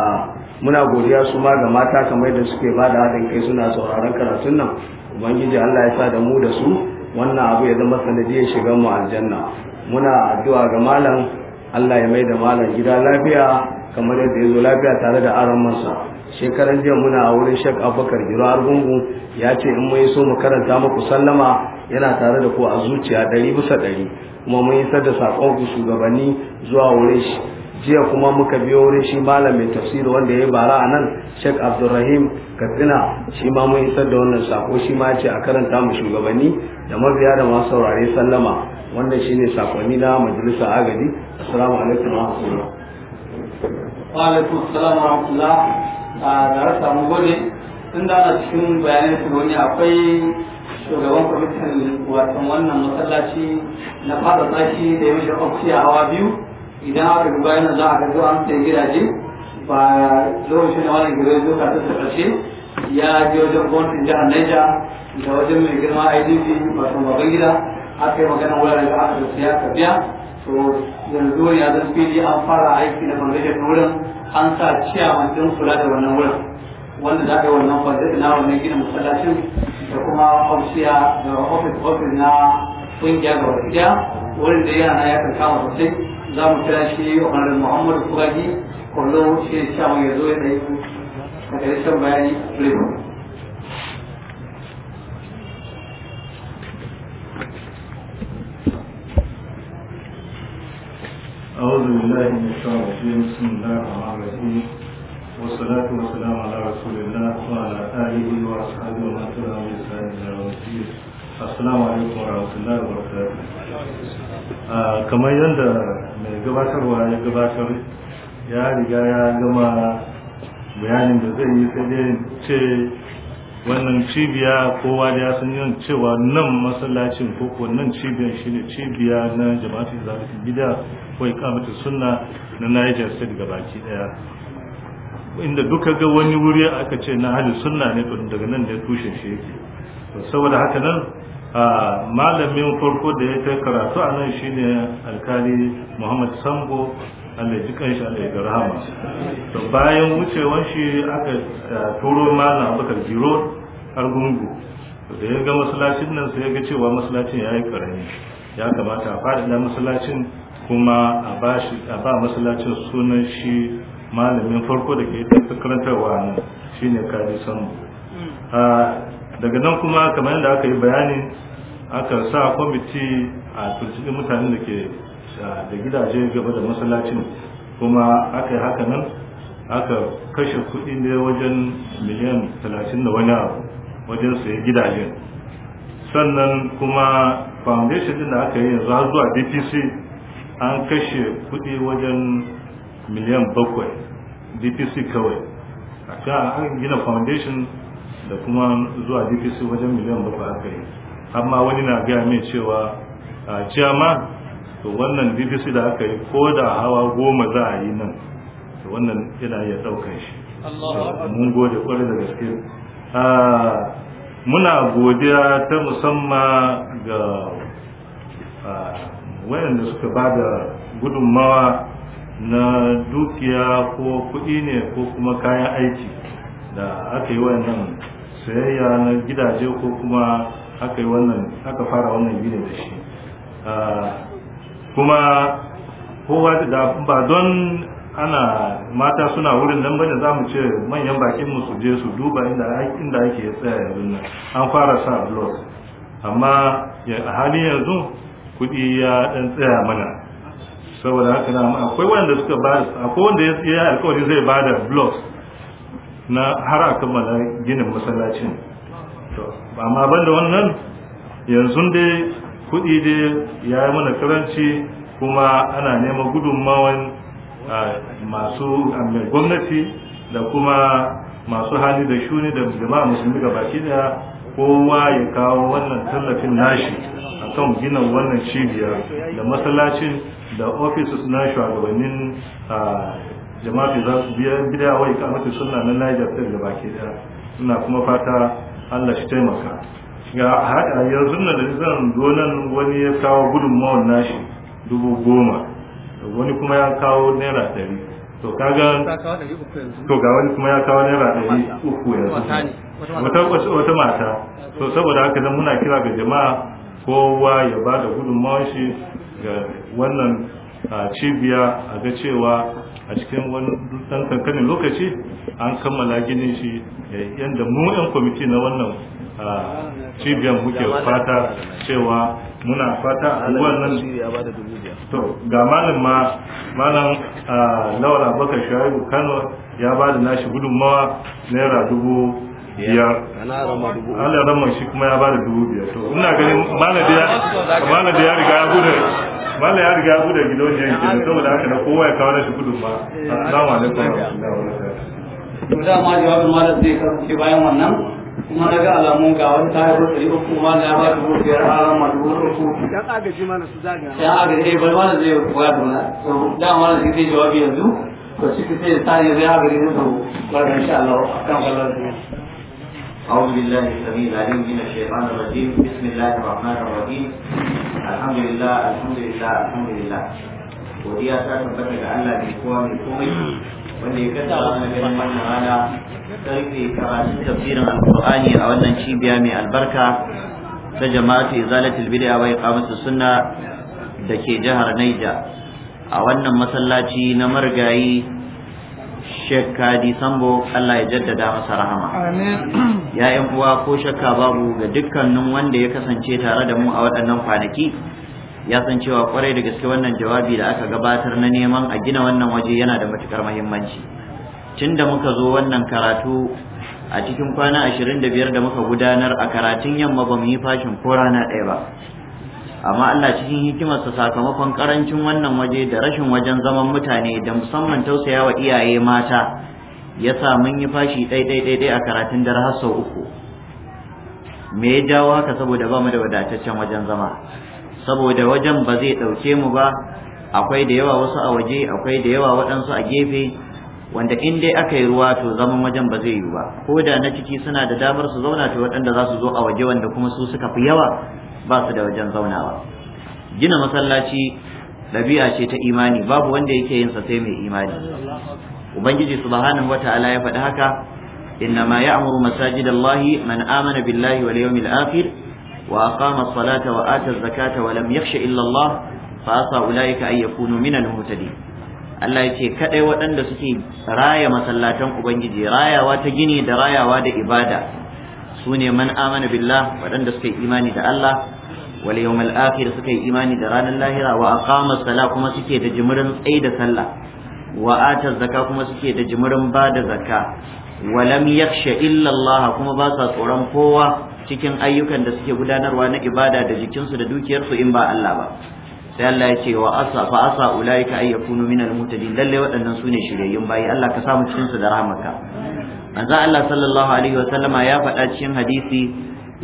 muna godiya su ma ga mata kamar da suke ba da haɗin kai suna sauraron karatun nan ubangiji allah ya sa da mu da su wannan abu ya zama sanadiyar shiga mu aljanna muna addu'a ga malam allah ya mai da malam gida lafiya kamar yadda ya zo lafiya tare da aron masa shekaran jiya muna a wurin shek abubakar giro argungu ya ce in mai so mu karanta muku sallama yana tare da ku a zuciya ɗari bisa ɗari kuma mun isar da saƙon ku shugabanni zuwa wurin shi jiya kuma muka biyo wurin shi malamin mai tafsiri wanda ya yi bara a nan sheikh abdulrahim katsina shi ma mun isar da wannan sako shi ma ce a karanta mu shugabanni da mabiya da masu saurare sallama wannan shine sakonni na majalisar agadi assalamu alaikum wa rahmatullah wa alaikum assalam wa rahmatullah ah, da rasa mu gode tun da ana cikin bayanan su akwai shugaban kwamitin wasan wannan masallaci na fada tsaki da ya mishi a hawa biyu idan aka duba yana za a ga zuwa an sai gidaje ba shi na wani gaba zo ka ta karshe ya je wajen gwamnatin jihar Niger da wajen mai girma IDP wato baban gida aka yi magana wuraren da aka siya ka biya to yanzu ya zan fili an fara aiki na foundation wurin an sa ciyawa don kula da wannan wurin wanda za a yi wannan foundation na wannan gina masallacin da kuma ofishiya da ofis ofis na kungiya ga wakiya wurin da yana ya kan kama sosai za mu kira shi honorable muhammadu fugaji kwallo shi ne cewa ya zo ya ɗaya a bayani flavor أعوذ بالله من الشيطان الرجيم بسم الله الرحمن الرحيم والصلاة والسلام على رسول الله وعلى آله وأصحابه ومن تبعهم بإحسان إلى يوم الدين السلام عليكم ورحمة الله وبركاته kamar yadda mai gabatarwa ya gabatar ya riga ya gama bayanin da zai yi sai wannan cibiya kowa da ya san yin cewa nan masallacin ko nan cibiyar shi ne cibiya na jama'atul zalikin gida ko ikamatu sunna na Niger State gabaki daya inda duka ga wani wuri aka ce na hali sunna ne daga nan ne tushen shi yake saboda haka nan malamin farko da ya ta karatu a nan shine alkali muhammad sambo allah ji kanshi rahama to bayan wucewar shi aka turo malam abubakar jiro argungu da ya ga masallacin nan sai ya ga cewa masallacin ya yi karami ya kamata a faɗaɗa masallacin kuma a ba masallacin sunan shi malamin farko da ke ta karantarwa shi ne kaji sanu hmm. ah, daga nan kuma kamar yadda aka yi bayani aka sa kwamiti a turcikin mutanen da ke ah, da gidaje gaba da masallacin kuma aka yi haka nan aka kashe kuɗi ne wajen miliyan talatin da wani abu wajen sayi gidajen sannan kuma foundation din da aka yi yanzu har zuwa bpc an kashe kuɗi wajen miliyan bakwai dpc kawai a can an gina foundation da kuma zuwa dpc wajen miliyan bakwai aka yi amma wani na gaya mai cewa a jama to wannan dpc da aka yi ko da hawa goma za a yi nan to wannan yana iya ɗaukar shi mun gode kwarai da gaske muna godiya ta musamman ga wayanda suka ba da gudunmawa na dukiya ko kuɗi ne ko kuma kayan aiki da aka yi wannan sayayya na gidaje ko kuma aka yi wannan aka fara wannan ginin da shi ah, kuma kowa da ba don ana mata suna wurin nan bane za mu ce manyan bakin mu su je su duba inda inda ake tsaya yanzu nan an fara sa blog amma a halin yanzu kuɗi ya ɗan tsaya mana saboda haka na akwai wanda suka ba akwai wanda ya yi alkawari zai ba da blocks na har a kammala ginin masallacin to amma ban wannan yanzu dai kuɗi dai ya yi mana karanci kuma ana neman gudunmawan masu gwamnati da kuma masu hali da shuni da jama'a musulmi ga baki da kowa ya kawo wannan tallafin nashi akan gina wannan cibiya da masallacin da ofisus na shugabannin jama'a za su biya a wai mutu suna na Niger State da baki daya ina kuma fata Allah shi taimaka ga yanzu na da zan zo nan wani ya kawo gudunmawar nashi dubu goma wani kuma ya kawo naira ɗari to kaga to ga wani kuma ya kawo naira ɗari uku yanzu wata wata mata to saboda haka dan muna kira ga jama'a kowa ya ba da gudunmawar shi ga wannan cibiya a ga cewa a cikin wani dan kankanin lokaci an kammala ginin shi eh, yadda mu yan kwamiti na wannan cibiyar muke fata cewa muna fata a wannan to ga malam ma malam lawal abubakar shahiru kano ya ba da nashi gudunmawa naira dubu biyar Allah ramar shi kuma ya ba da dubu biyar to ina ganin mana da ya riga ya gudu mana ya riga ya gudu gidan jiyan kenan saboda haka da kowa ya kawo na shi gudun ba. Eh, assalamu alaikum to da ma jawabin malam zai kasance bayan wannan kuma na alamun ga wani tayar da ɗari uku ma na ba dubu biyar a ma dubu uku dan agaji mana su zaga dan agaji eh, bari mana zai koya dona to da ma zai jawabi yanzu ko shi sai sai ya zai agaji ne to ba insha Allah kan kallon أعوذ بالله السميع العليم من الشيطان الرجيم بسم الله الرحمن الرحيم الحمد لله الحمد لله الحمد لله godiya ta tabbata da Allah mai kowa komai wanda ya kasa wannan ganin wannan rana karfe karatun tafsirin alqur'ani a wannan cibiya mai albarka ta jama'atu izalatul bid'a wa iqamatu sunna da ke jihar Niger a wannan masallaci na marigayi Sheikh Kadi Sambo Allah ya jaddada masa rahama. Ya'yan Ya yan uwa ko shakka babu ga dukkanin wanda ya kasance tare da mu a waɗannan kwanaki ya san cewa kwarai da gaske wannan jawabi da aka gabatar na neman a gina wannan waje yana da matukar muhimmanci. Tun da muka zo wannan karatu a cikin kwana 25 da muka gudanar a karatun yamma ba mu yi fashin ko rana ɗaya ba. amma Allah cikin hikimarsa sakamakon karancin wannan waje da rashin wajen zaman mutane da musamman tausaya wa iyaye mata ya sa mun yi fashi ɗaiɗaiɗaiɗai a karatun dare har uku me ya jawo haka saboda ba mu da wadataccen wajen zama saboda wajen ba zai ɗauke mu ba akwai da yawa wasu a waje akwai da yawa waɗansu a gefe wanda in dai aka yi ruwa to zaman wajen ba zai yiwu ba ko da na ciki suna da damar su zauna to waɗanda za su zo a waje wanda kuma su suka fi yawa ba su da wajen zaunawa gina masallaci ɗabi'a ce ta imani babu wanda yake yin sa sai mai imani ubangiji subhanahu wata'ala ya faɗi haka إنما يعمر مساجد الله من آمن بالله واليوم الآخر وأقام الصلاة وآتى zakata ولم يخش إلا الله فأسى أولئك أن يكونوا من المهتدين Allah ya ce kaɗai waɗanda suke raya masallatan Ubangiji rayawa ta gini da rayawa da ibada su ne man amana billah waɗanda suke imani da Allah wal yawmal akhir suka yi imani da ranar lahira wa sala kuma suke da jimirin tsayi sallah wa'atar Zaka kuma suke da jimirin ba da zakka wa lam yakhsha illa Allah kuma basa tsoron kowa cikin ayyukan da suke gudanarwa na ibada da jikinsu da dukiyarsu in ba Allah ba sai Allah ya ce wa asa fa asa ulaika ay yakunu min al mutadin lalle waɗannan sune shiryayyun bayi Allah ka samu cikin da rahmaka manzo Allah sallallahu alaihi wasallama ya faɗa cikin hadisi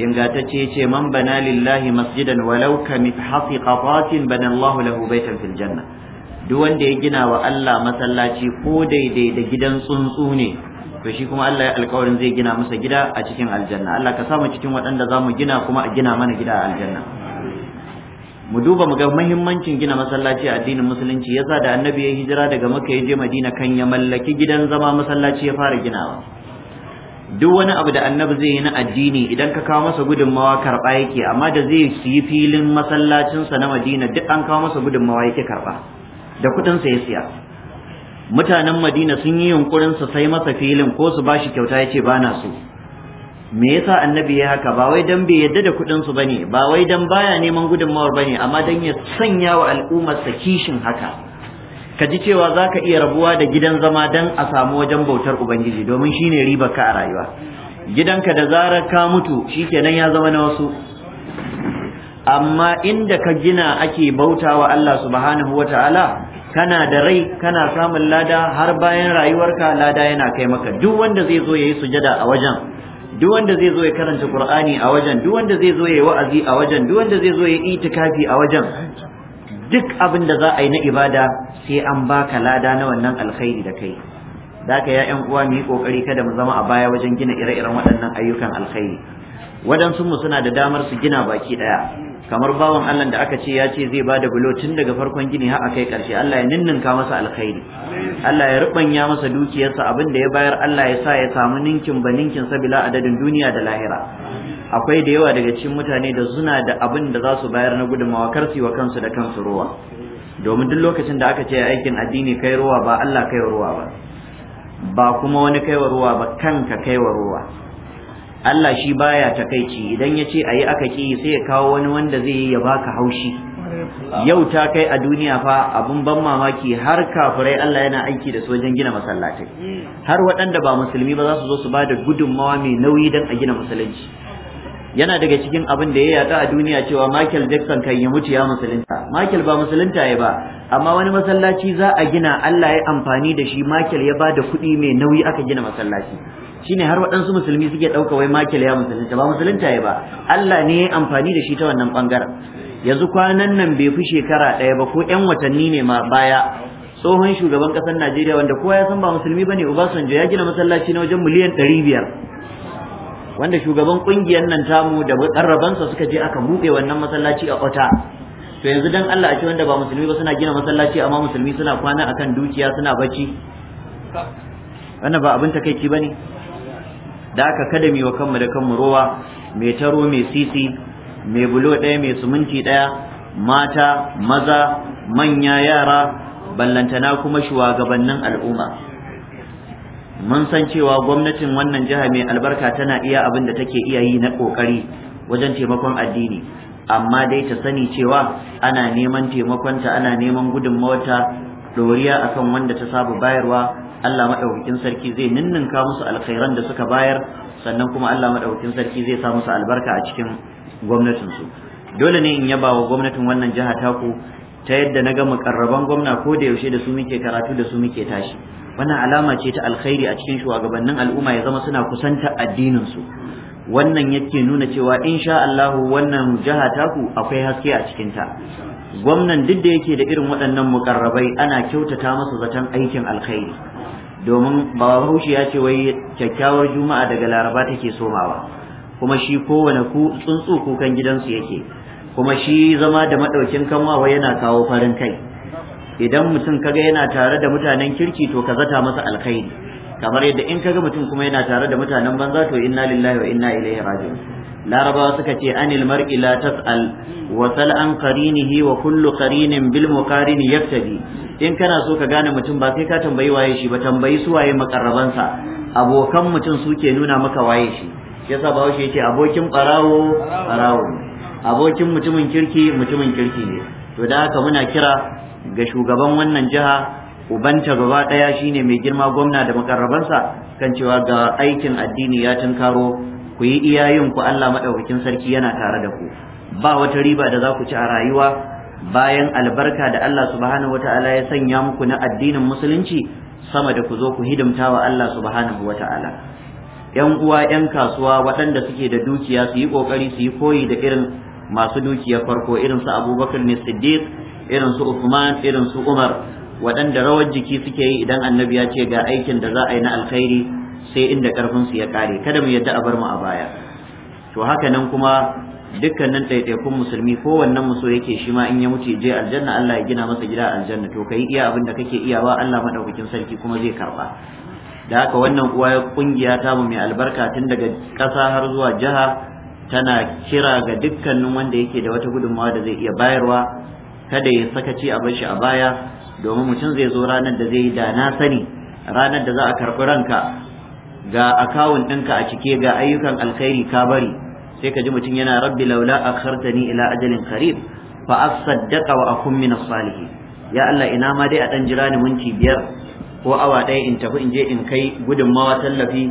ingatacce yace man bana lillahi masjidan walau ka mithasi qatatin bana Allahu lahu baitan fil janna duk wanda ya gina wa Allah masallaci ko daidai da gidan tsuntsu ne to shi kuma Allah ya alƙawarin zai gina masa gida a cikin aljanna Allah ka samu cikin waɗanda zamu gina kuma a gina mana gida a aljanna mu duba mu ga muhimmancin gina masallaci a addinin musulunci yasa da annabi ya hijira daga makka ya je madina kan ya mallaki gidan zama masallaci ya fara ginawa duk wani abu da annabi zai yi na addini idan ka kawo masa gudunmawa karɓa yake amma da zai yi filin masallacinsa na madina duk an kawo masa gudunmawa yake karɓa da kuɗinsa ya siya mutanen madina sun yi yunkurin su sai masa filin ko su bashi kyauta ya ce ba na so me yasa annabi ya haka ba wai dan bai yadda da kuɗin su bane ba wai dan baya neman gudunmawar bane amma dan ya sanya wa al'ummarsa kishin haka ka ji cewa za ka iya rabuwa da gidan zama don a samu wajen bautar ubangiji domin shi ne ka a rayuwa gidanka da zarar ka mutu shi kenan ya zama na wasu amma inda ka gina ake bauta wa Allah subhanahu wa ta'ala kana da rai kana samun lada har bayan rayuwarka lada yana kai maka duk wanda zai zo ya yi sujada a wajen duk wanda zai zo ya karanta qur'ani a wajen duk wanda zai zo ya yi wa'azi a wajen duk wanda zai zo ya yi itikafi a wajen duk abin da za a yi na ibada sai an baka lada na wannan alkhairi da kai ka ya yan uwa mu yi kokari kada mu zama a baya wajen gina ire-iren waɗannan ayyukan alkhairi waɗansu mu suna da damar su gina baki ɗaya kamar bawan Allah da aka ce ya ce zai bada bulo tun daga farkon gini har akai karshe Allah ya ninninka masa alkhairi Allah ya rubanya masa dukiyarsa abin da ya bayar Allah ya sa ya samu ninkin ba ninkin sabila adadin duniya da lahira akwai da yawa daga cikin mutane da suna da abin da za su bayar na gudunmawa karsi wa kansu da kansu ruwa domin duk lokacin da aka ce aikin addini kai ruwa ba Allah kai ruwa ba ba kuma wani kai ruwa ba kanka kai ruwa Allah shi baya takaici idan ya ce a yi aka ki sai ya kawo wani wanda zai yi ya baka haushi yau ta kai a duniya fa abun ban mamaki har kafirai Allah yana aiki da su wajen gina masallatai har waɗanda ba musulmi ba za su zo su ba da gudunmawa mai nauyi don a gina masallaci yana daga cikin abin da ya yada a duniya cewa Michael Jackson kan ya mutu ya musulunta Michael ba musulunta ya ba amma wani masallaci za a gina Allah ya amfani da shi Michael ya bada kuɗi mai nauyi aka gina masallaci shine har waɗansu musulmi suke ɗauka wai Michael ya musulunta ba musulunta ya ba Allah ne ya amfani da shi ta wannan bangaren yanzu kwanan nan bai fi shekara ɗaya ba ko ƴan watanni ne ma baya tsohon shugaban ƙasar Najeriya wanda kowa ya san ba musulmi bane Obasanjo ya gina masallaci na wajen miliyan ɗari biyar wanda shugaban kungiyar nan tamu da karrabansa suka je aka buɗe wannan masallaci a kwata to yanzu dan Allah a ce wanda ba musulmi ba suna gina masallaci amma musulmi suna kwana akan dukiya suna bacci wannan ba abin takaici bane da aka kada mi wa kanmu da kanmu rowa mai taro mai sisi mai bulo ɗaya mai suminti ɗaya mata maza manya yara ballantana kuma shugabannin al'umma mun san cewa gwamnatin wannan jiha mai albarka tana iya abin da take iya yi na kokari wajen taimakon addini amma dai ta sani cewa ana neman taimakonta ana neman gudunmawarta doriya akan wanda ta saba bayarwa Allah madaukakin sarki zai ninninka musu alkhairan da suka bayar sannan kuma Allah madaukakin sarki zai sa musu albarka a cikin gwamnatinsu dole ne in yaba wa gwamnatin wannan jiha taku ta yadda na ga mukarraban gwamna ko da yaushe da su muke karatu da su muke tashi wannan alama ce ta alkhairi a cikin shugabannin al'umma ya zama suna kusanta addinin su wannan yake nuna cewa insha Allah wannan jaha taku akwai haske a cikin ta gwamnan duk da yake da irin waɗannan mukarrabai ana kyautata masa zaton aikin alkhairi domin haushi ya ce wai kyakkyawar juma'a daga laraba take somawa kuma shi kowane ku tsuntsu kukan gidansu yake kuma shi zama da maɗaukin kanwa yana kawo farin kai idan mutum kaga yana tare da mutanen kirki to ka zata masa alkhairi kamar yadda in kaga mutum kuma yana tare da mutanen banza to inna lillahi wa inna ilaihi raji'un larabawa suka ce anil mar'i la tas'al wa sal an qarinihi wa kullu qarinin bil muqarin yaktabi in kana so ka gane mutum ba sai ka tambayi waye shi ba tambayi su waye makarrabansa abokan mutum suke nuna maka waye shi yasa shi yake abokin barawo barawo abokin mutumin kirki mutumin kirki ne to da haka muna kira ga shugaban wannan jiha ubanta gaba daya shine mai girma gwamna da makarrabansa kan cewa ga aikin addini ya tunkaro ku yi iyayen ku Allah madaukakin sarki yana tare da ku ba wata riba da za ku ci a rayuwa bayan albarka da Allah subhanahu wataala ya sanya muku na addinin musulunci sama da ku zo ku hidimta wa Allah subhanahu wataala yan uwa yan kasuwa waɗanda suke da dukiya su yi kokari su yi koyi da irin masu dukiya farko irin su Abubakar ne Siddiq irin su Uthman irin su Umar waɗanda rawar jiki suke yi idan annabi ya ce ga aikin da za a yi na alkhairi sai inda karfin su ya kare kada mu yadda a bar mu a baya to haka nan kuma dukkanin ɗaiɗaikun musulmi wannan muso yake shi ma in ya mutu je aljanna Allah ya gina masa gida aljanna to kai iya abin da kake iyawa Allah madaukakin sarki kuma zai karba da haka wannan uwa kungiya ta mu mai albarka tun daga ƙasa har zuwa jiha tana kira ga dukkanin wanda yake da wata gudunmawa da zai iya bayarwa kada ya sakaci a bar shi a baya domin mutum zai zo ranar da zai yi da na sani ranar da za a karɓi ranka ga akawun ɗinka a cike ga ayyukan alkhairi ka bari sai ka ji mutum yana rabbi laula a akhartani ila ajalin karib fa asaddaqa wa akun min ya Allah ina ma dai a dan jira ni minti biyar ko awa ɗaya in tafi in je in kai gudunmawa tallafi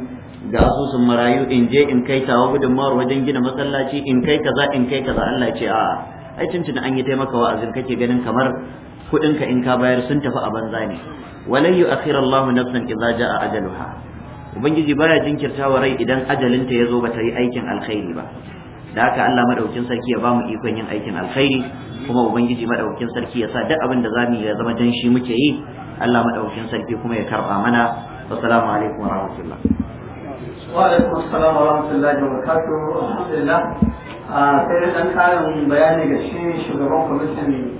ga asusun marayu in je in kai tawa gudunmawar wajen gina masallaci in kai kaza in kai kaza Allah ce a'a ai tuntun an yi taimaka wa'azin kake ganin kamar kuɗin ka in ka bayar sun tafi a banza ne walan yu'akhir Allah nafsan idza jaa ajaluha ubangiji baya jinkirta wa rai idan ajalinta ya zo ba ta yi aikin alkhairi ba da haka Allah madaukin sarki ya bamu ikon yin aikin alkhairi kuma ubangiji madaukin sarki ya sa duk abin da zamu yi ya zama dan shi muke yi Allah madaukin sarki kuma ya karba mana assalamu alaikum wa rahmatullah wa alaikum assalam wa rahmatullahi wa barakatuh alhamdulillah sai da ɗan ƙarin bayani ga shi shugaban kwamishin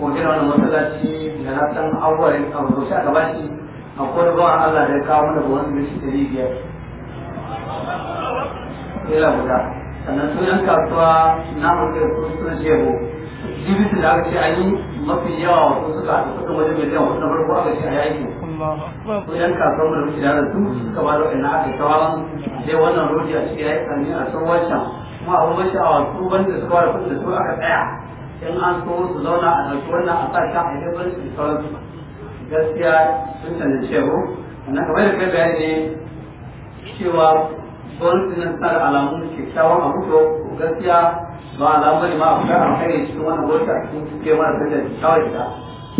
wakilin wani masallaci da na san awwarin a rubuce a gaba shi a kowane bawan Allah da ya kawo mana buwan da shi ɗari biyar. Ila guda. Sannan sunan kasuwa na mutu da kuma suna jego. Jibiti da aka ce a yi mafi yawa wasu suka haɗu kuɗin wajen miliyan wasu na farko aka ce a yaki. Sunan kasuwa da mutu da su suka ba da wa'ina aka kawo sai wannan rodi a cikin yayi tsanni a san wancan. kuma a wajen sha'awa su da suka kawai kudin da su aka tsaya in an so su zauna a ɗauki wannan a sa shi a haifar su sauransu gaskiya sun canza cewa wannan kamar da kai bayani ne cewa su na tsara alamun kyakkyawan mutu ko gaskiya ba alamu ne ma a abu a alkhairi cikin wannan gwamnati a cikin suke mara sanya kyakkyawar gida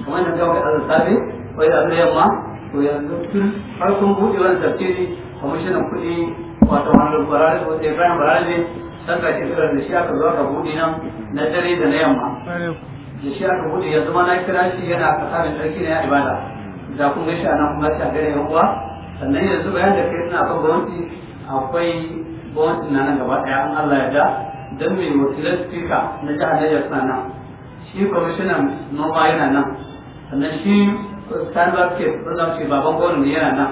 kamar da kawai da safe wai da yamma to yanzu tun farkon buɗewar tafsiri kwamishinan kuɗi wato wani barari wanda ya bayan barare dan ka shekarar da shi aka zo aka buɗe nan na dare da na yamma da shi aka buɗe yanzu ma na kira shi yana aka samun tsarki na ya ibada da kuma shi nan kuma shi a gare yan uwa sannan yanzu bayan da kai suna kan gwamnati akwai gwamnati na nan gaba ɗaya an Allah ya da don mai wakilan spika na jihar Niger suna nan shi kwamishinan noma yana nan sannan shi standard case wannan shi baban gwamnati ne yana nan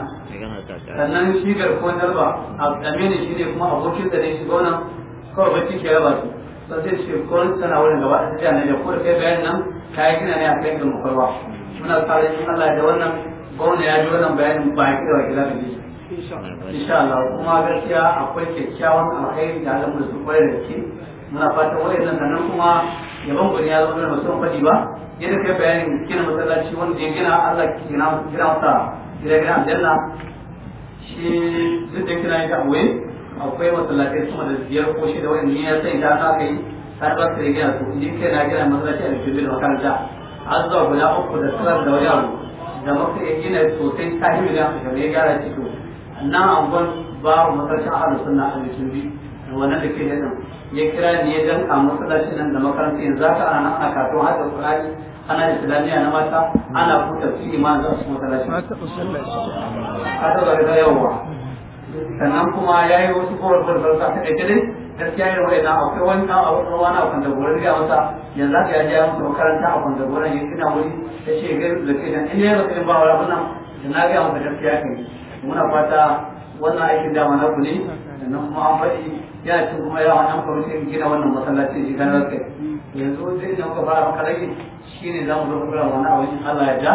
sannan shi garkuwar dalba a amini shi ne kuma abokin da ne shi gwamnati kawai bacci ke raba su to sai ce ko suna wurin gaba a tafiya ne da ko da kai bayan nan ta yi gina ne a kai ga makwalwa muna tsara in Allah da wannan gwamna ya ji wannan bayanin ba ki da wakila da ji insha Allah kuma gaskiya akwai kyakkyawan alkhairi da alamu da su kwarai da ke muna fata nan wayannan sannan kuma yaban gwani ya zama musamman faɗi ba yadda kai bayanin gina masallaci wanda ya gina Allah gina masa gina gina aljanna shi duk da kina yi ta a akwai masallatai kuma da biyar ko shida wani ne ya sai da za ka yi har ba ka gina su ni kai na gina masallaci a bin makaranta An zuwa guda uku da tsarar da wani abu da maka ya gina sosai ta yi miliyan a ya gyara ciki na nan ba babu masarci a harin na a jirgin wannan da ke da nan ya kira ni ya danka masallaci nan da makaranta yanzu za ka ana ana kasuwa har da kurari ana islamiyya na mata ana kuta su iman za su masallaci. Ka taɓa ga yawa. sannan kuma ya yi wasu kowar farfarsa ta ɗaya dai gaskiya yin wa'ina akwai wani ɗan abu ɗan wani a kwanzagoran ga yanzu yaji ya masa makaranta a kwanzagoran ya tuna wuri ya ce ga location in ya rasa yin bawa rabu nan da na gaskiya muna fata wannan aikin dama na ku ne kuma an faɗi kuma nan kwamitin gina wannan masallaci. shi kan yanzu duk da muka fara shi ne za mu zo kula wani Allah ya ja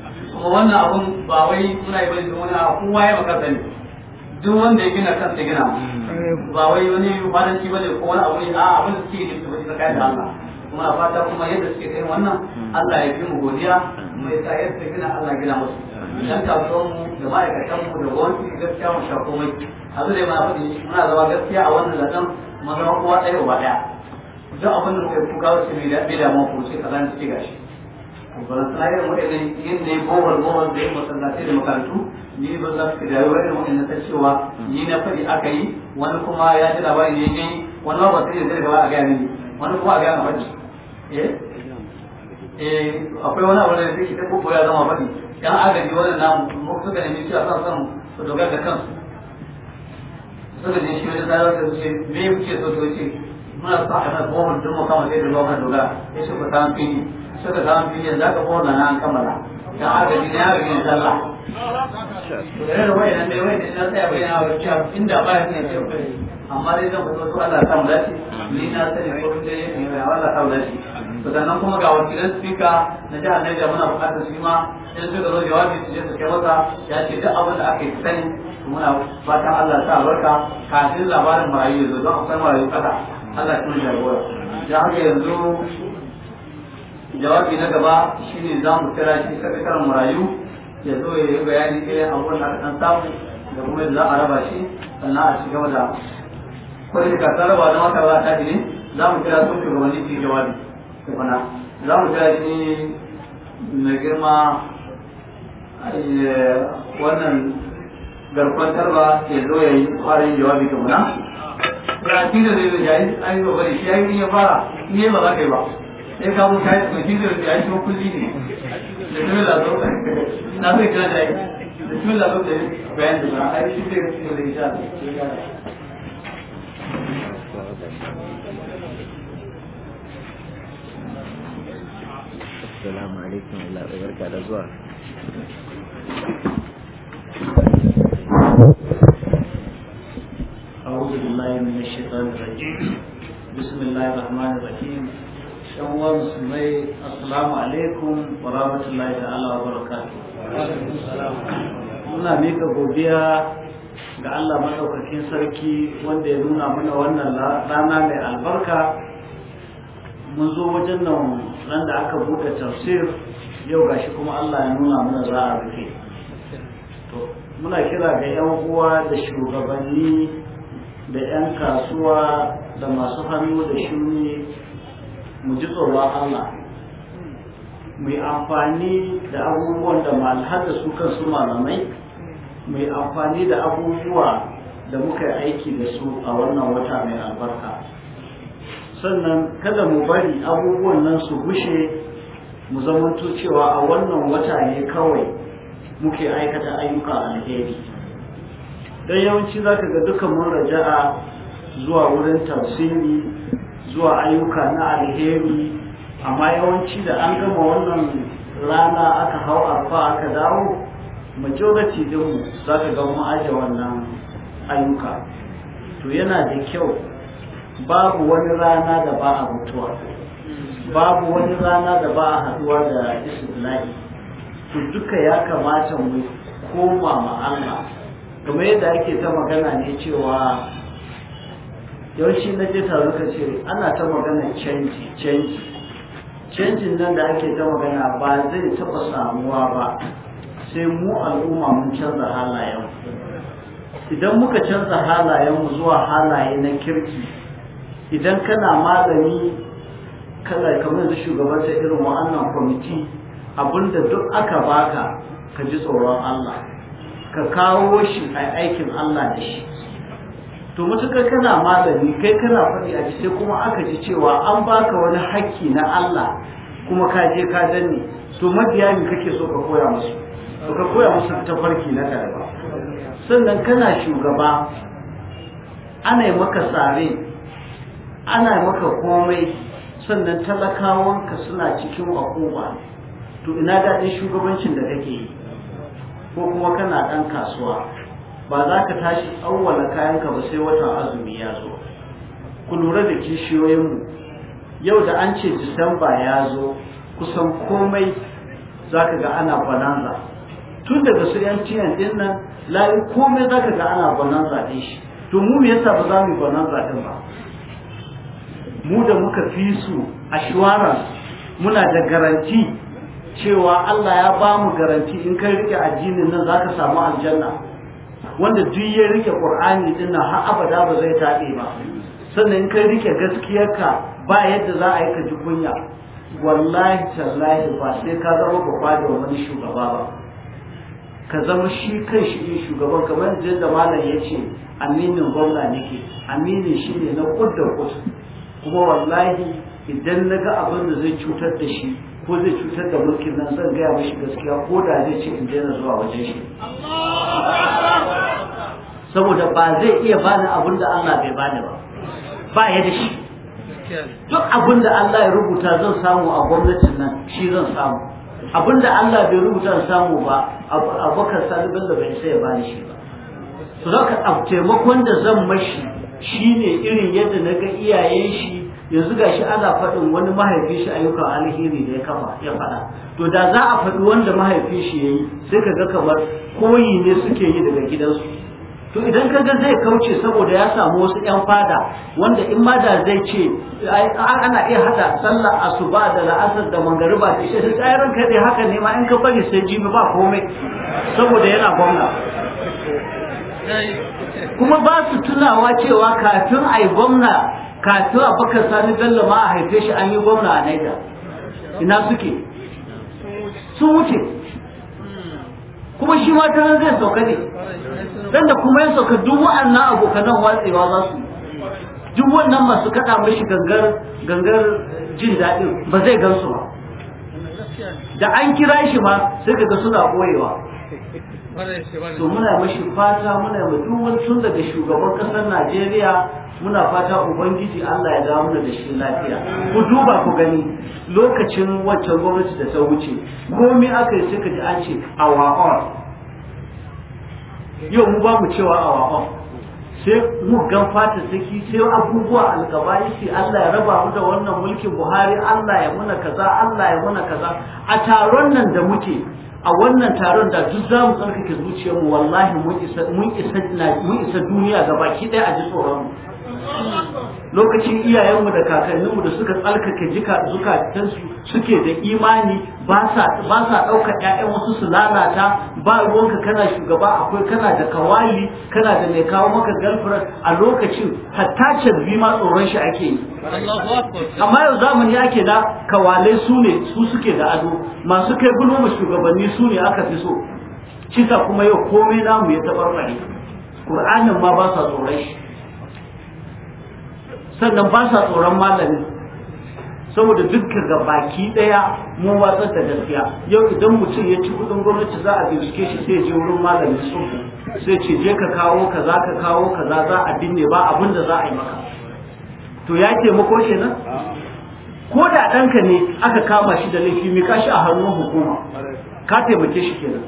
kuma wannan abun ba wai muna yi bane wani abu kowa ya maka sani duk wanda ya gina kansa gina mm. ba wai wani fadanci bane ko wani abu ne a abin da suke ne su bai tsakaya da Allah kuma a fata kuma yadda suke kai wannan mm. Allah ya fi mu godiya mai sa yadda gina Allah gina musu dan kasuwan mu da ma'aikatan mu da gwamnati gaskiya mu sha komai a zai mana faɗi muna zama gaskiya a wannan zaton mu zama kowa ɗaya ba ɗaya duk abin da muka kuka wasu bai damu ku sai kaza ne suke gashi ban tsayar waɗannan yadda ya bohar bohar da yin masallaci da makarantu ni ba za su dawo da waɗannan ta cewa ni na faɗi aka yi wani kuma ya ji labari ne ne wani ba sai ya zai gaba a gaya mini wani kuma a gaya na faɗi eh? eh akwai wani abu da zai ke ta koko ya zama faɗi yan agaji wani na mu suka nemi cewa sa san su dogara da kansu suka je shi wani tsayar da ce me kuke so to ce muna sa a nan bohar dun mu kama sai da lokacin dogara ya shi ba ta fi ni suka samu fiye za ka kona na kammala don haka ne ya rikin sallah da da wayan da wayan da sai bai na wuce inda ba ya ne sai amma dai zan fito Allah ta mulaci ni na sani ko da ne eh, Allah ta mulaci to sannan kuma ga wakilan speaker na jihar Niger muna bukatar shi ma in suka zo jawabi su je su kai masa ya ce duk abin da aka yi sani muna fatan Allah ta albarka kafin labarin marayu zo don a akwai marayu kada Allah ya kuma jagora da haka yanzu jawabi na gaba shine za mu kira shi sakataren marayu ya zo ya yi bayani a abubuwan da ɗan samu da kuma da za a raba shi sannan a shiga da kwarin ka ta raba don haka a ta ne za mu kira sun shugabanni su jawabi tukuna za mu kira shi mai girma wannan garkon tarba ya zo ya yi kwarin jawabi tukuna ga shi da zai ya yi an yi babari shi ya yi ya fara ne ba za ka yi ba sai kawo kayan mai fiziyar da ya shi kulli ne da shi la zo na zai kira da yi da shi la zo da bayan da ba a السلام عليكم ورحمة الله وبركاته أعوذ بالله من الشيطان الرجيم بسم الله الرحمن الرحيم yan uwa musulmai assalamu alaikum wa rahmatullahi ta'ala wa barakatuh muna mika godiya ga Allah maɗaukakin sarki wanda ya nuna mana wannan rana mai albarka mun zo wajen nan ran da aka buɗe tafsir yau gashi kuma Allah ya nuna mana za a rufe muna kira ga yan uwa da shugabanni da yan kasuwa da masu hannu da shuni mu ji tsoron Allah mai amfani da abubuwan da su kan su malamai mai amfani da abubuwa da muka yi aiki da su a wannan wata mai albarka sannan kada mu bari abubuwan nan su gushe mu zamanto cewa a wannan wata ne kawai muke aikata ayyuka alheri don yawanci za ka ga duka mun raja'a zuwa wurin tafsiri zuwa ayyuka na alheri amma yawanci da an gama wannan rana aka hau arfa aka dawo majority mu za ka ga mu aje wannan ayyuka to yana da kyau babu wani rana da ba a mutuwa babu wani rana da ba a haduwa da istilahi to duka ya kamata mu koma ma'ana. Allah kamar yadda ake ta magana ne cewa yawanci na je taro ka ce ana ta magana canji canji canjin nan da ake ta magana ba zai taɓa samuwa ba sai mu al'umma mun canza halayen idan muka canza halayen zuwa halaye na kirki idan kana malami kana kamar da shugabanta irin wa'annan kwamiti abinda duk aka baka ka ji tsoron Allah ka kawo shi a aikin Allah da shi to mutukar kana malami kai kana faɗi a sai kuma aka ji cewa an baka wani hakki na Allah kuma ka je ka danne to mabiya ne kake so ka koya musu to ka koya musu ta farki na karba sannan kana shugaba ana yi maka sare, ana yi maka komai sannan talakawanka suna cikin akuba to ina daɗin shugabancin da kake yi ko kuma kana ɗan kasuwa ba za ka tashi awwala kayanka ba sai wata azumi ya zo ku lura da kishiyoyinmu yau da an ce disamba ya zo kusan komai za ka ga ana bananza tun daga su din nan layi komai za ka ga ana bananza din shi to mu me yasa ba za mu bananza din ba mu da muka fi su assurance muna da garanti cewa Allah ya ba mu garanti in kai rike addinin nan za ka samu aljanna wanda duk ya rike qur'ani din nan har abada ba zai tabe ba sannan in kai rike gaskiyarka ba yadda za a yi ka ji kunya wallahi tallahi ba sai ka zama babba da wani shugaba ba ka zama shi kai shi ne shugaban kamar yadda malam ya ce aminin gwamna nake aminin shi ne na kudda kusa kuma wallahi idan na ga abin da zai cutar da shi ko zai cutar da mulkin nan zan gaya mashi gaskiya ko da zai ce in daina zuwa wajen shi saboda ba zai iya bani abin da Allah bai bani ba ba ya da shi duk abin da Allah ya rubuta zan samu a gwamnatin nan shi zan samu abin da Allah bai rubuta samu ba abokan salibin da bai sai ya bani shi ba su zaka taimakon da zan mashi shine irin yadda na ga iyayen shi yanzu ga shi ana faɗin wani mahaifin shi ayyukan alheri da ya kafa ya faɗa to da za a faɗi wanda mahaifin shi yayi sai ka ga kamar koyi ne suke yi daga gidansu to idan ka ga zai kauce saboda ya samu wasu yan fada wanda in ma da zai ce ana iya hada sallar asuba da la'asar da mangariba da shi sai tsayaran kai haka ne ma in ka bari sai jibi ba komai saboda yana gwamna kuma ba su tunawa cewa kafin a yi gwamna a bakar sani bello ma a haife shi an yi gwamna a naija ina suke sun wuce kuma shi ma ta zai sauka ne dan da kuma ya sauka duk wa'annan abokanan watsewa za su duk wannan masu kaɗa mashi gangar gangar jin daɗi ba zai gan ba da an kira shi ma sai daga suna ɓoyewa to muna mashi fata muna mai duwan tun daga shugaban kasar Najeriya muna fata ubangiji Allah ya dawo mana da shi lafiya ku duba ku gani lokacin wacce gwamnati da ta wuce komai aka yi suka ji an ce awa on yau mu ba mu cewa awa on sai mu gan fata saki sai abubuwa alkabari sai Allah ya raba mu da wannan mulkin Buhari Allah ya muna kaza Allah ya muna kaza a taron nan da muke a wannan taron da duk za mu tsarkake mu, wallahi mun isa duniya ga baki ɗaya a ji tsoron lokacin iyayenmu da kakanninmu da suka tsarkake jika zukatansu suke da imani ba sa ɗaukar 'ya'yan wasu su lalata ba ruwanka kana shugaba akwai kana da kawali kana da mai kawo maka girlfriend a lokacin hatta canbi ma tsoron shi ake yi amma yau zamani ake da kawalai su ne su suke da ado masu kai bulma shugabanni su ne aka fi so Cita kuma yau komai namu ya tabarbare Qur'anin ma ba sa tsoron shi sannan ba sa tsoron malami saboda dukkan ga baki daya mun watsar da gaskiya yau idan mutum ya ci kudin gwamnati za a bincike shi sai je wurin malami su sai ce je ka kawo kaza ka kawo kaza za a binne ba abin da za a yi maka to ya taimako kenan ko da ɗanka ne aka kama shi da laifi mai kashi a hannun hukuma ka taimake shi kenan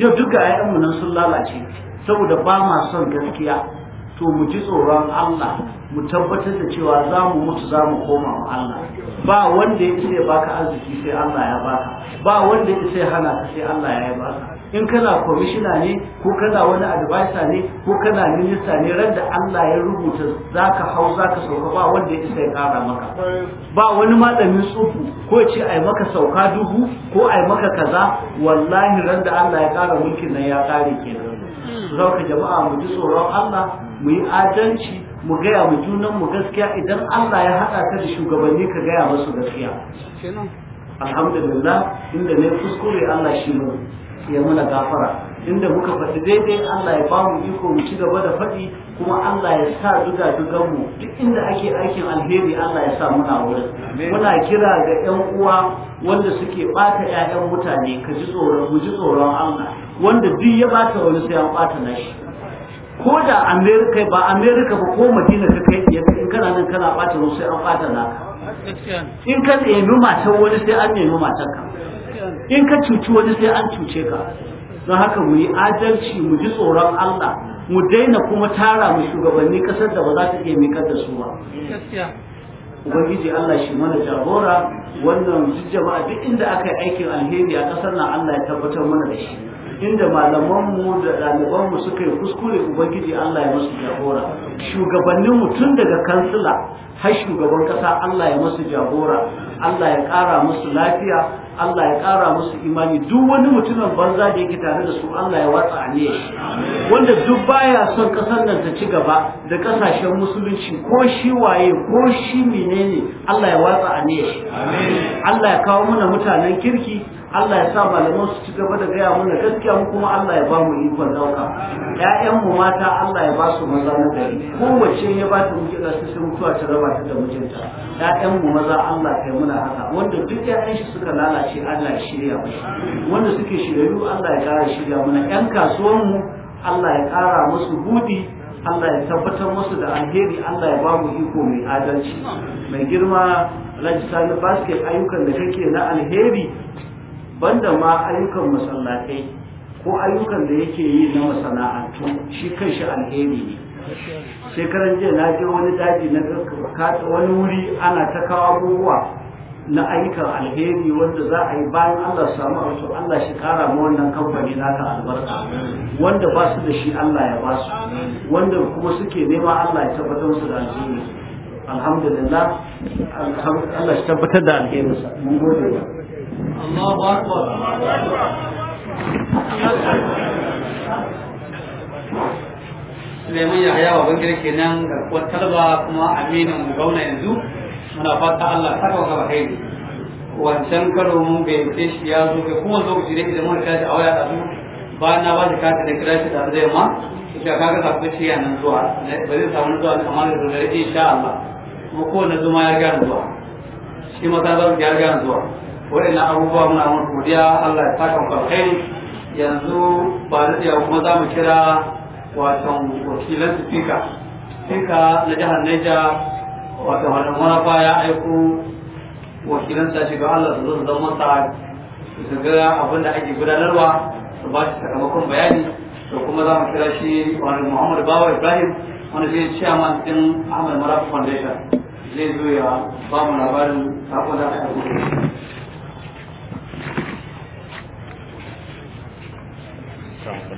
yau duka 'ya'yanmu nan sun lalace saboda ba ma son gaskiya to mu ji tsoron Allah mu tabbatar da cewa za mu mutu za mu koma wa Allah ba wanda ya sai baka arziki sai Allah ya baka ba wanda ya sai hana ka sai Allah ya yi baka in kana komishina ne ko kana wani advisor ne ko kana minista ne ran da Allah ya rubuta zaka hau zaka sauka ba wanda ya isa ya kara maka ba wani malamin tsufu ko ce ai maka sauka dubu ko ai maka kaza wallahi ran da Allah ya kara mulkin nan ya kare kenan zaka jama'a mu ji tsoron Allah mu yi adalci mu gaya mu junan mu gaskiya idan Allah ya haɗa ta da shugabanni ka gaya masu gaskiya alhamdulillah inda ne kuskure Allah shi mu ya mana gafara inda muka faɗi daidai Allah ya ba mu iko mu ci gaba da faɗi kuma Allah ya sa duga dugan mu duk inda ake aikin alheri Allah ya sa muna wurin muna kira ga ƴan uwa wanda suke bata ƴaƴan mutane ka ji tsoron mu ji tsoron Allah wanda duk ya bata wani sai an na shi. ko da amerika ba amerika ba ko madina ka kai ya in kana nan kana bata ruwa sai an bata naka in ka nemi matan wani sai an nemi matan ka in ka cuci wani sai an cuce ka don haka mu yi adalci mu ji tsoron allah mu daina kuma tara mu shugabanni kasar da ba za ta iya mikar da su ba ubangiji allah shi mana jagora wannan jama'a duk inda aka yi aikin alheri a kasar nan allah ya tabbatar mana da shi inda malamanmu da ɗalibanmu suka yi kuskure ubangiji Allah ya musu jagora Shugabannin tun daga kansila har shugaban ƙasa Allah ya musu jagora Allah ya ƙara musu lafiya Allah ya ƙara musu imani duk wani mutumin banza da yake tare da su Allah ya watsa a ne wanda duk baya son ƙasar nan ta ci gaba da ƙasashen musulunci ko shi waye ko shi menene Allah ya watsa a ne Allah ya kawo mana mutanen kirki Allah ya sa malaman su ci gaba da gaya mana gaskiya mu kuma Allah ya ba mu ikon dauka ƴaƴan mu mata Allah ya ba su maza na gari kowace ya ba ta muke gasu sai mutuwa ta raba ta da mijinta ƴaƴan mu maza Allah kai muna haka wanda duk ƴaƴan shi suka lalace Allah ya shirya mu wanda suke shirayu Allah ya ƙara shirya mana ƴan kasuwan mu Allah ya ƙara musu budi Allah ya tabbatar musu da alheri Allah ya ba mu iko mai adalci mai girma Alhaji Sani Basket ayyukan da kake na alheri banda ma ayyukan masallatai ko ayyukan da yake yi na masana'antu shi kan shi alheri ne shekaran jiya na je wani daji na kasa wani wuri ana ta kawo abubuwa na ayyukan alheri wanda za a yi bayan Allah samu a Allah shi kara ma wannan kamfani naka albarka wanda ba su da shi Allah ya ba su wanda kuma suke nema Allah ya tabbatar musu da alheri alhamdulillah Allah shi tabbatar da alherinsa mun gode ba. Allahu akbar Suleiman Yahaya wa bangare kenan garkuwar talba kuma aminin mu gauna yanzu muna fata Allah saka wa gaba kai wancan karo mun bai ce shi ya zo kai kuma lokaci da idan mun tashi a waya da su bayan na ba da kati da kira da zai ma shi ka ga kafin shi ya nan zuwa ba zai samu zuwa da kamar da zai insha Allah kuma kowane zuma ya gane zuwa shi ma ta zama ya gane zuwa wa'annan abubuwa muna mun godiya Allah ya saka mu yanzu ba da yawa kuma za mu kira wato wakilan sifika sifika na jihar Niger wato wannan marafa ya aiko wakilan sa shiga Allah su zo su zama sa su ga abin da ake gudanarwa su ba shi sakamakon bayani to kuma za mu kira shi wani Muhammad Bawa Ibrahim wani shi chairman din Ahmad Marafa Foundation zai zo ya ba mu labarin sakon da aka gudanarwa. أعوذ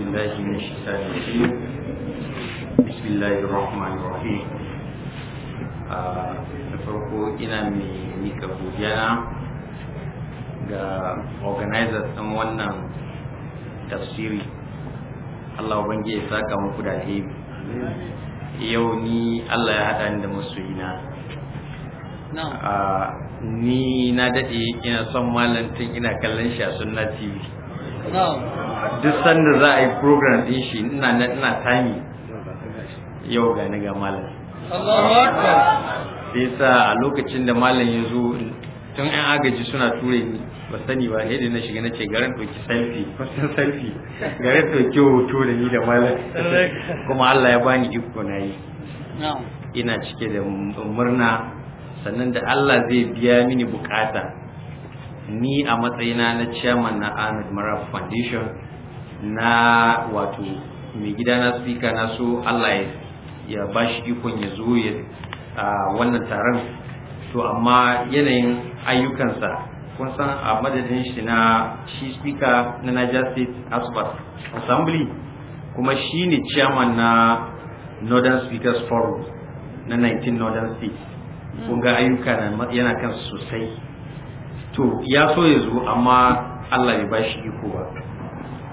بالله من الشيطان الرجيم بسم الله الرحمن الرحيم farko ina mai mika godiya ga organizers ɗin wannan tafsiri Allah ubangi ya saka muku da alheri yau ni Allah ya haɗa ni da masoyina ni na daɗe ina son malam tun ina kallon shi a sunna tv duk sanda za a yi program ɗin shi ina na ina tami yau ga ni ga malam sai sa a lokacin da malam ya zo tun yan agaji suna ture ni ba sani ba ne da na shiga na ce garin ɗauki selfie kusan selfie garin ɗauki hoto da ni da malam kuma Allah ya bani iko na yi ina cike da murna sannan da Allah zai biya mini bukata ni a matsayina na chairman na Ahmed Maraf Foundation na wato mai gida na speaker na so Allah ya bashi ikon ya zo ya wannan taron to amma yanayin ayyukansa kun san a madadin shi na shi speaker na Niger State Assembly kuma shi ne chairman na Northern Speakers Forum na 19 Northern States kun ga ayyuka yana kan sosai to ya so ya zo amma Allah ya bashi iko ba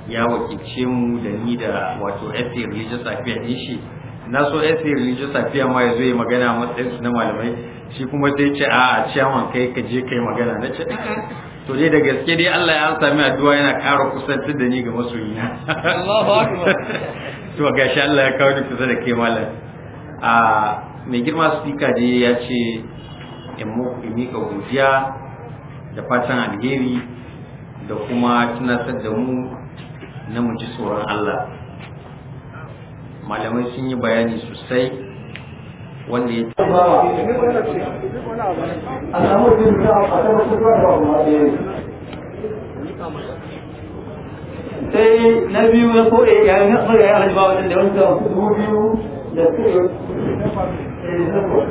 ya wakilce mu da ni da wato essay religious affair din shi na so essay religious affair ma ya zo ya magana matsayin su na malamai shi kuma sai ce a a ciyawan kai ka je kai magana na ce to dai da gaske dai Allah ya sami addu'a yana ƙara kusantar da ni ga masoyina Allahu akbar to gashi Allah ya kawo ni kusa da kai malam a ah, mai girma speaker dai ya ce in mika godiya da fatan alheri da kuma tunatar da mu na mu ji tsoron Allah malamai sun yi bayani sosai wanda ya sai na biyu ya ko ya yi na tsoron ya hajji ba wajen da wani dubu biyu da su unguwan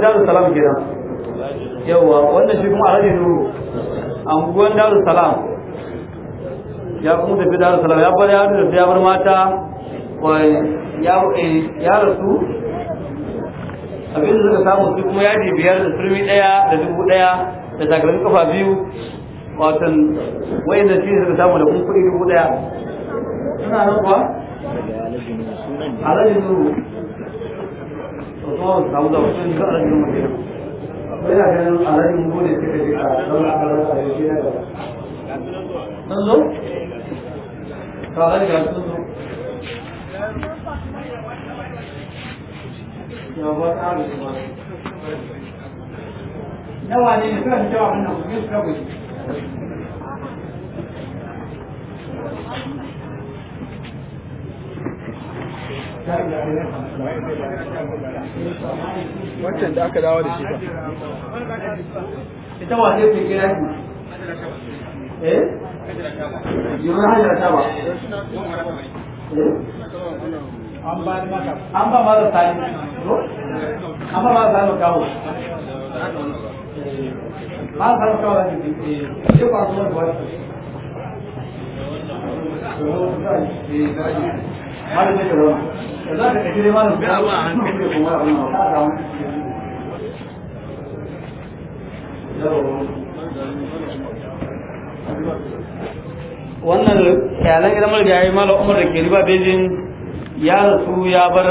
darus salam kenan yawwa wannan shi kuma unguwan salam ya kuma tafi salam ya bar yaro da ya bar mata eh, ya rasu abin da suka samu su kuma yaji biyar da turmi daya da dubu daya da takalmin kafa biyu watan wayan da cikin da samu da kun kuɗi dubu ɗaya suna nan kuwa alhaji nuru to so samu da wasu yin alhaji nuru ke ina ganin alhaji nuru ne suka ji a ɗan akalar a yau na gaba sun zo? to alhaji ga sun zo yawon ƙarin su ba nawa ne ne suka fi jawa hannun su ne suka gudu wancan da aka dawo da shi ba ita kira eh ta ba eh? an ba an ba kawo ba sa da dike ke ba ko da wannan kyalan idan mulgayi mala umar da ke riba bejin ya rasu ya bar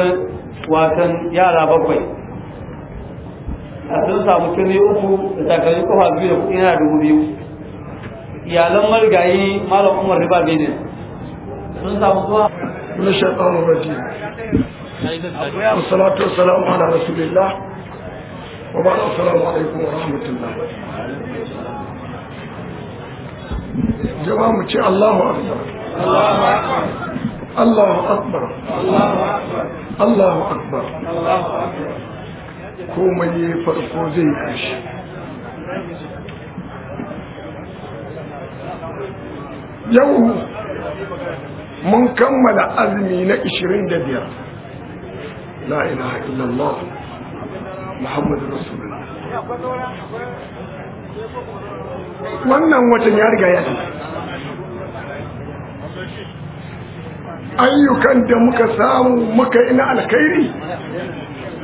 wasan yara bakwai a sun samu tuni uku takarar kofa biyu da kuɗi yana dubu biyu iyalan marigayi malam umar riba benin sun samu zuwa na shaɗa wa baji akwai salatu salamu ala rasulillah wa ba da salamu alaikum wa rahmatullah jama'a mu ce allahu akbar allahu akbar allahu akbar akbar komai ya yi farko zai ƙarshe yau mun kammala azumi na 25 la ilaha illallah muhammad rasulullah wannan watan ya riga ya ayyukan da muka samu muka ina alkhairi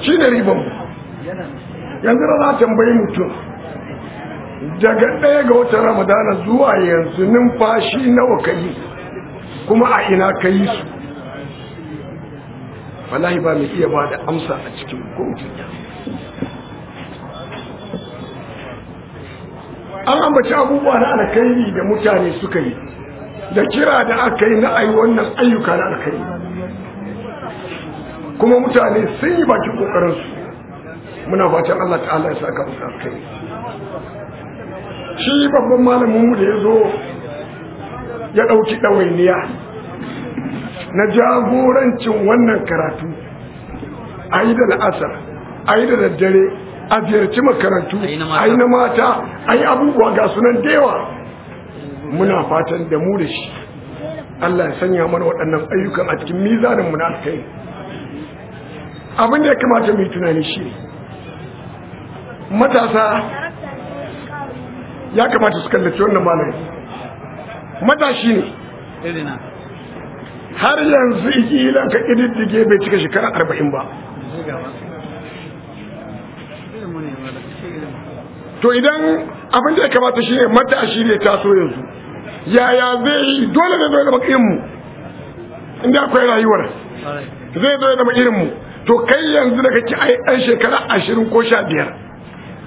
shi ne ribanmu yanzu na tambayi mutum daga ɗaya ga wata ramadana zuwa yanzu numfashi nawa ka yi kuma a ina ka yi su wallahi ba mai iya ba da amsa a cikin kotu an ambaci abubuwa na alkhairi da mutane suka yi da kira da aka yi na ayi wannan ayyuka na alkaini kuma mutane sun yi bakin ƙoƙarinsu. muna fatan Allah ta'ala ya saka musu shi babban malamin mu da ya zo ya ɗauki ɗawainiya na jagorancin wannan karatu a da la'asar a da daddare a ziyarci makarantu a yi na mata a yi abubuwa ga sunan dewa muna fatan da mu da shi Allah ya sanya mana waɗannan ayyukan a cikin mizanin muna na kai abin da ya kamata mu tunani shi ne matasa ya kamata su kallaci wannan malami matashi ne har yanzu ikilan ka ƙididdige bai cika shekara arba'in ba to idan abin da ya kamata shi ne matashi ne taso yanzu yaya zai yi dole ne zai zama irinmu inda akwai rayuwar zai zai zama irinmu to kai yanzu da kake ai ɗan shekara ashirin ko sha biyar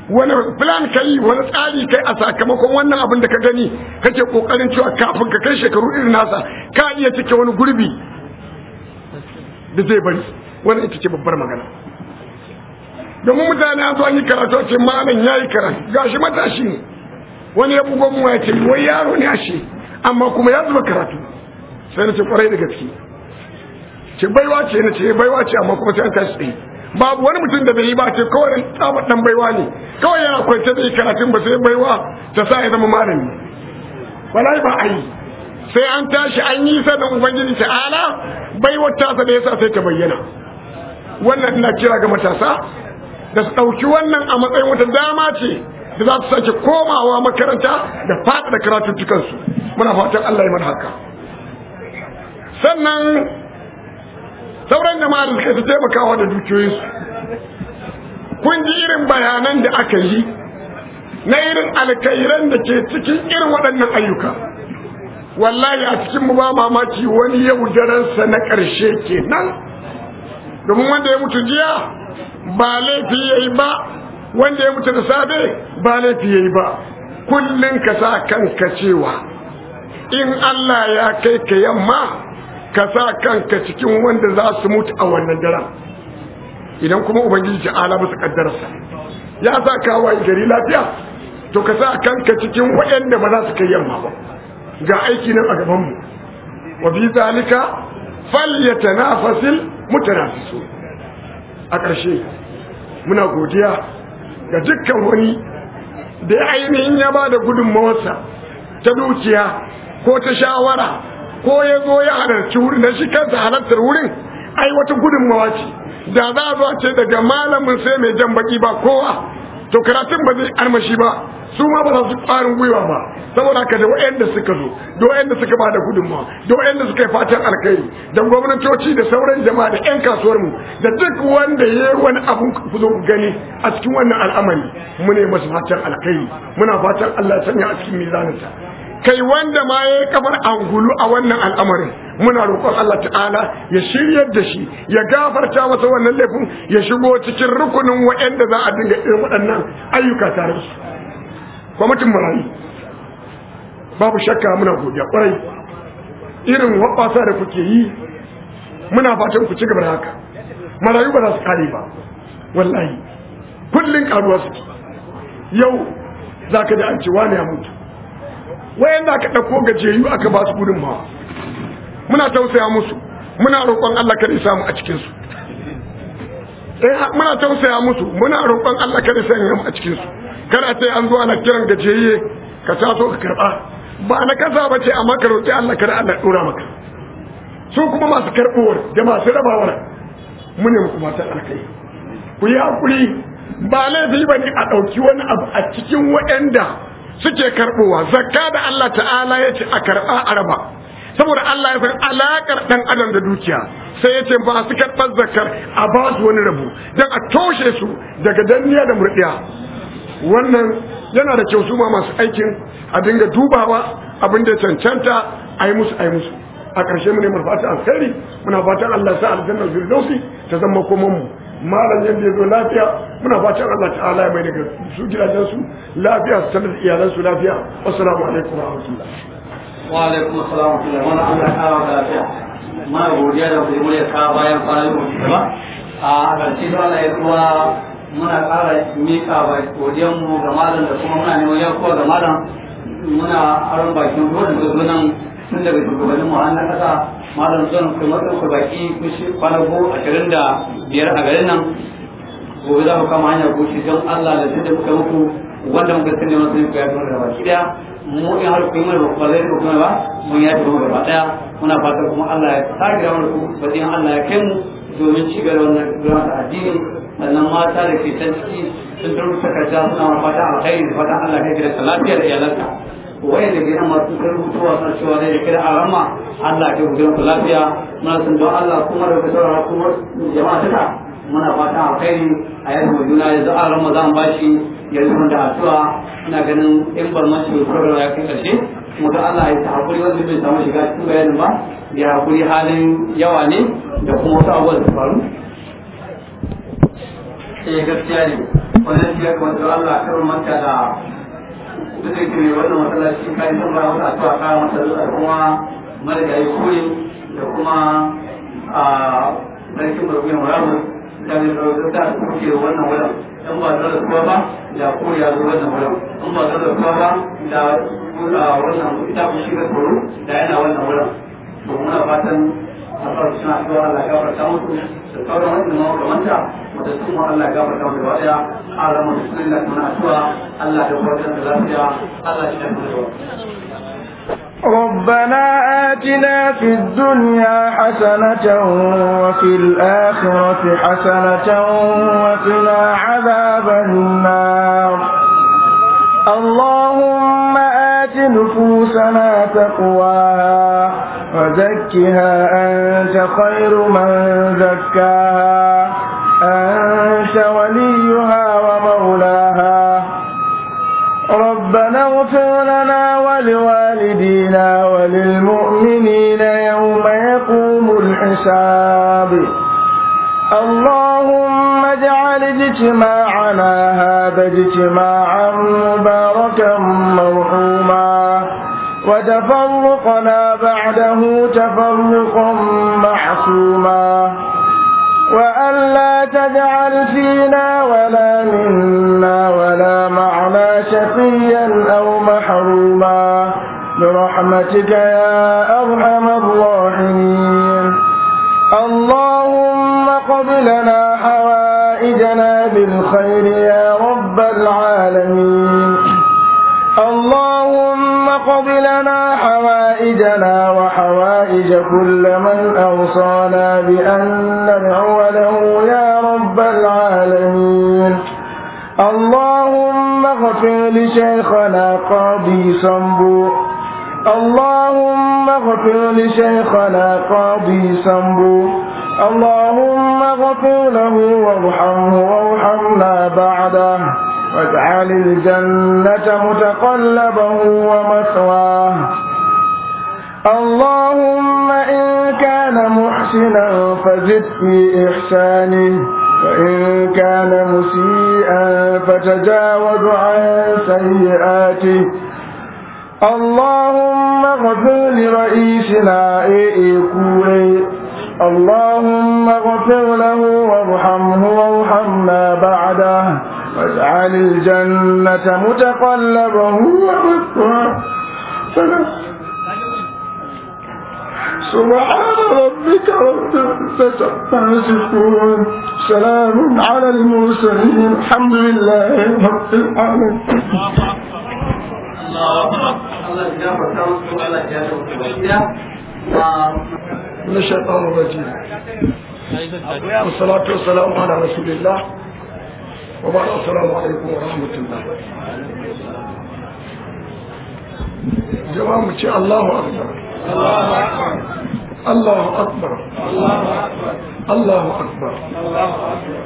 wani plan ka yi wani tsari kai a sakamakon wannan abin da ka gani kake kokarin cewa kafin ka kai shekaru irin nasa ka iya cike wani gurbi da zai bari wani ita ce babbar magana domin mutane an zo an yi karatu ce malam ya yi karatu gashi matashi ne wani ya bugon mu ya ce wai yaro ne ashe amma kuma ya zuba karatu sai na ce kwarai da gaske ce baiwa ce na ce eh, baiwa ce amma kuma sai an tashi tsaye babu wani mutum da bai yi ba ce kawai tsabar dan baiwa ne kawai yana kwance da karatun ba sai baiwa ta sa ya zama malami wallahi ba ai sai an tashi an yi sa da ubangiji ta'ala baiwar tasa da yasa sai ta bayyana wannan ina kira ga matasa da su ɗauki wannan a matsayin wata dama ce da za su sake komawa makaranta da faɗaɗa karatuttukansu muna fatan Allah ya mana haka sannan sauran jama'ar da suka taimakawa da dukiyoyinsu kun ji irin bayanan da aka yi na irin alkairan da ke cikin irin waɗannan ayyuka wallahi a cikin mu ba mamaki wani yau daransa na ƙarshe kenan domin wanda ya mutu jiya ba laifi ya yi ba wanda ya mutu da safe ba laifi ya yi ba kullum ka sa kanka cewa in Allah ya kai ka yamma ka sa kanka cikin wanda za su mutu a wannan daren idan kuma ubangiji ala musu kaddararsa ya sa kawai gari lafiya to ka sa kanka cikin waɗanda ba za su kai yamma ba ga aiki nan a gabanmu wa bi zalika falyatanafasil mutanafisu a ƙarshe muna godiya ga dukkan wani da ya ainihin ya ba da gudunmawarsa ta dukiya ko ta shawara ko ya zo ya halarci wurin da shi kansa halartar wurin ai wata gudunmawa ce da za a zo ce daga malamin sai mai jan baki ba kowa to karatun ba zai armashi ba su ma ba za su ƙarin gwiwa ba saboda haka da waɗanda suka zo da waɗanda suka ba da gudunmawa da suka yi fatan alkai da gwamnatoci da sauran jama'a da 'yan kasuwar mu da duk wanda ya yi wani abun ku zo ku gani a cikin wannan al'amari mu ne masu fatan alkai muna fatan Allah ya sanya a cikin mizaninsa kai wanda ma ya yi kamar angulu a wannan al'amarin muna roƙon Allah ta'ala ya shiryar da shi ya gafarta masa wannan laifin ya shigo cikin rukunin waɗanda za a dinga irin waɗannan ayyuka tare su mutum marayu babu shakka muna godiya ƙwarai irin wasa da kuke yi muna fatan ku ci gaba da haka marayu ba za su kare ba wallahi kullum karuwa suke yau za ka da an ce wani ya mutu wayanda aka ɗauko gajiyayyu aka ba su gudunmawa muna tausaya musu muna roƙon Allah kada ya samu a cikinsu eh muna tausaya musu muna roƙon Allah kada ya sanya mu a cikinsu kada sai an zo ana kiran gajeye ka taso ka karɓa ba na kasa ba ce amma ka roƙi Allah kada Allah ɗora maka su kuma masu karɓowar da masu rabawar mu ne muku matan alkai ku yi haƙuri ba laifi ba ne a ɗauki wani abu a cikin waɗanda suke karbowa zakka da Allah ta'ala ya ce a karba a raba saboda Allah ya san alakar ɗan adam da dukiya sai ya ce ba su karɓar zakkar a ba su wani rabu don a toshe su daga danniya da murɗiya wannan yana da kyau su ma masu aikin a dinga dubawa abin da cancanta a yi musu a yi musu a ƙarshe mu ne mu alkhairi muna fatan Allah sa aljanna firdausi ta zama komanmu malam yadda ya zo lafiya muna fata Allah ta'ala ya mai daga su gidajen su lafiya su sanar iyalan su lafiya assalamu alaikum wa rahmatullah wa alaikum assalam wa rahmatullah wannan Allah ya kawo lafiya mana godiya da kuma ya kawo bayan kwanan yau ba a ƙarshe da Allah ya kuma muna ƙara miƙa ba godiyan mu ga malam da kuma muna neman yakuwa ga malam muna aron bakin ruwan da zo nan tun daga shugabannin mu har na malam zan kai matsayin baki shi kwana go ashirin da biyar a garin nan gobe za mu kama hanyar goshi don Allah da tunda muka muku wanda muka sanya wasu ne kuyar kuma gaba daya mu in har kuma da ba zai ko kuma ba mun ya kuma gaba daya muna fatan kuma Allah ya sake da mu bayan Allah ya kai mu domin ci gaba wannan gudanar da addini sannan mata da ke can ciki sun tarurta karja suna fata alkhairi da fatan Allah ya kai da lafiya da iyalanka waye da gina masu sun rubutuwa suna cewa ne da kira a rama Allah ke gudunar ku lafiya muna sun don Allah kuma da kusurwa kuma jama'a tuka muna fata alkhairi a yadda mai juna yanzu a rama za mu bashi yanzu mun da addu'a ina ganin in ban mace mai program ya kai karshe kuma ga Allah ya ta hakuri wanda bai samu shiga cikin bayanin ba ya hakuri halin yawa ne da kuma wasu abubuwan da faru eh gaskiya ne wannan shi ya kamata Allah kar manta da zai kire wannan masallaci kayan san bara wata addu'a kuma marigayi da kuma a sarkin barbuyan da ta kuke wannan wurin in ba kuwa ba da ya zo wannan wurin in ba kuwa ba da wannan ita ku da yana wannan wurin to muna fatan ربنا آتنا في الدنيا حسنة وفي الآخرة حسنة وقنا عذاب النار اللهم آت نفوسنا تقواها وزكها أنت خير من زكاها أنت وليها ومولاها ربنا اغفر لنا ولوالدينا وللمؤمنين يوم يقوم الحساب اللهم اجعل اجتماعنا هذا اجتماعا مباركا مرحوما وتفرقنا بعده تفرقا معصوما وأن لا تجعل فينا ولا منا ولا معنا شقيا أو محروما برحمتك يا أرحم الراحمين اللهم قبلنا حوائجنا بالخير يا رب العالمين وقض لنا حوائجنا وحوائج كل من أوصانا بأن ندعو له يا رب العالمين اللهم اغفر لشيخنا قاضي سمبو اللهم اغفر لشيخنا قاضي سمبو اللهم اغفر له وارحمه وارحمنا بعده واجعل الجنة متقلبه ومثواه اللهم إن كان محسنا فزد في إحسانه وإن كان مسيئا فتجاوز عن سيئاته اللهم اغفر لرئيسنا إيكوري اللهم اغفر له وارحمه وارحمنا بعده واجعل الجنة متقلبه ومثواه سبحان ربك رب العزة عما يصفون سلام على المرسلين الحمد لله رب العالمين من الشيطان الرجيم والصلاة والسلام على رسول الله وبعد السلام عليكم ورحمة الله جواب ان شاء الله اكبر الله اكبر الله اكبر الله اكبر الله اكبر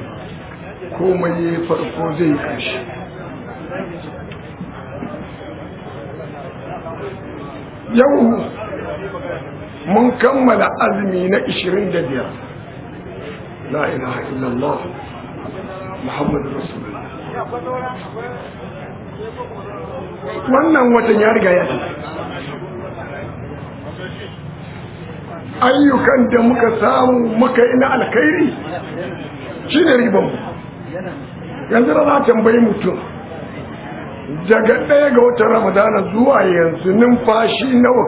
komai ya farko zai kashi yau mun kammala azumi na 25 la Muhammad Rasulullah wannan watan ya riga ya ayyukan da muka samu muka yi na alkhairi shi ne ribanmu yanzu da za a tambayi mutum daga ɗaya ga watan ramadana zuwa yanzu numfashi nawa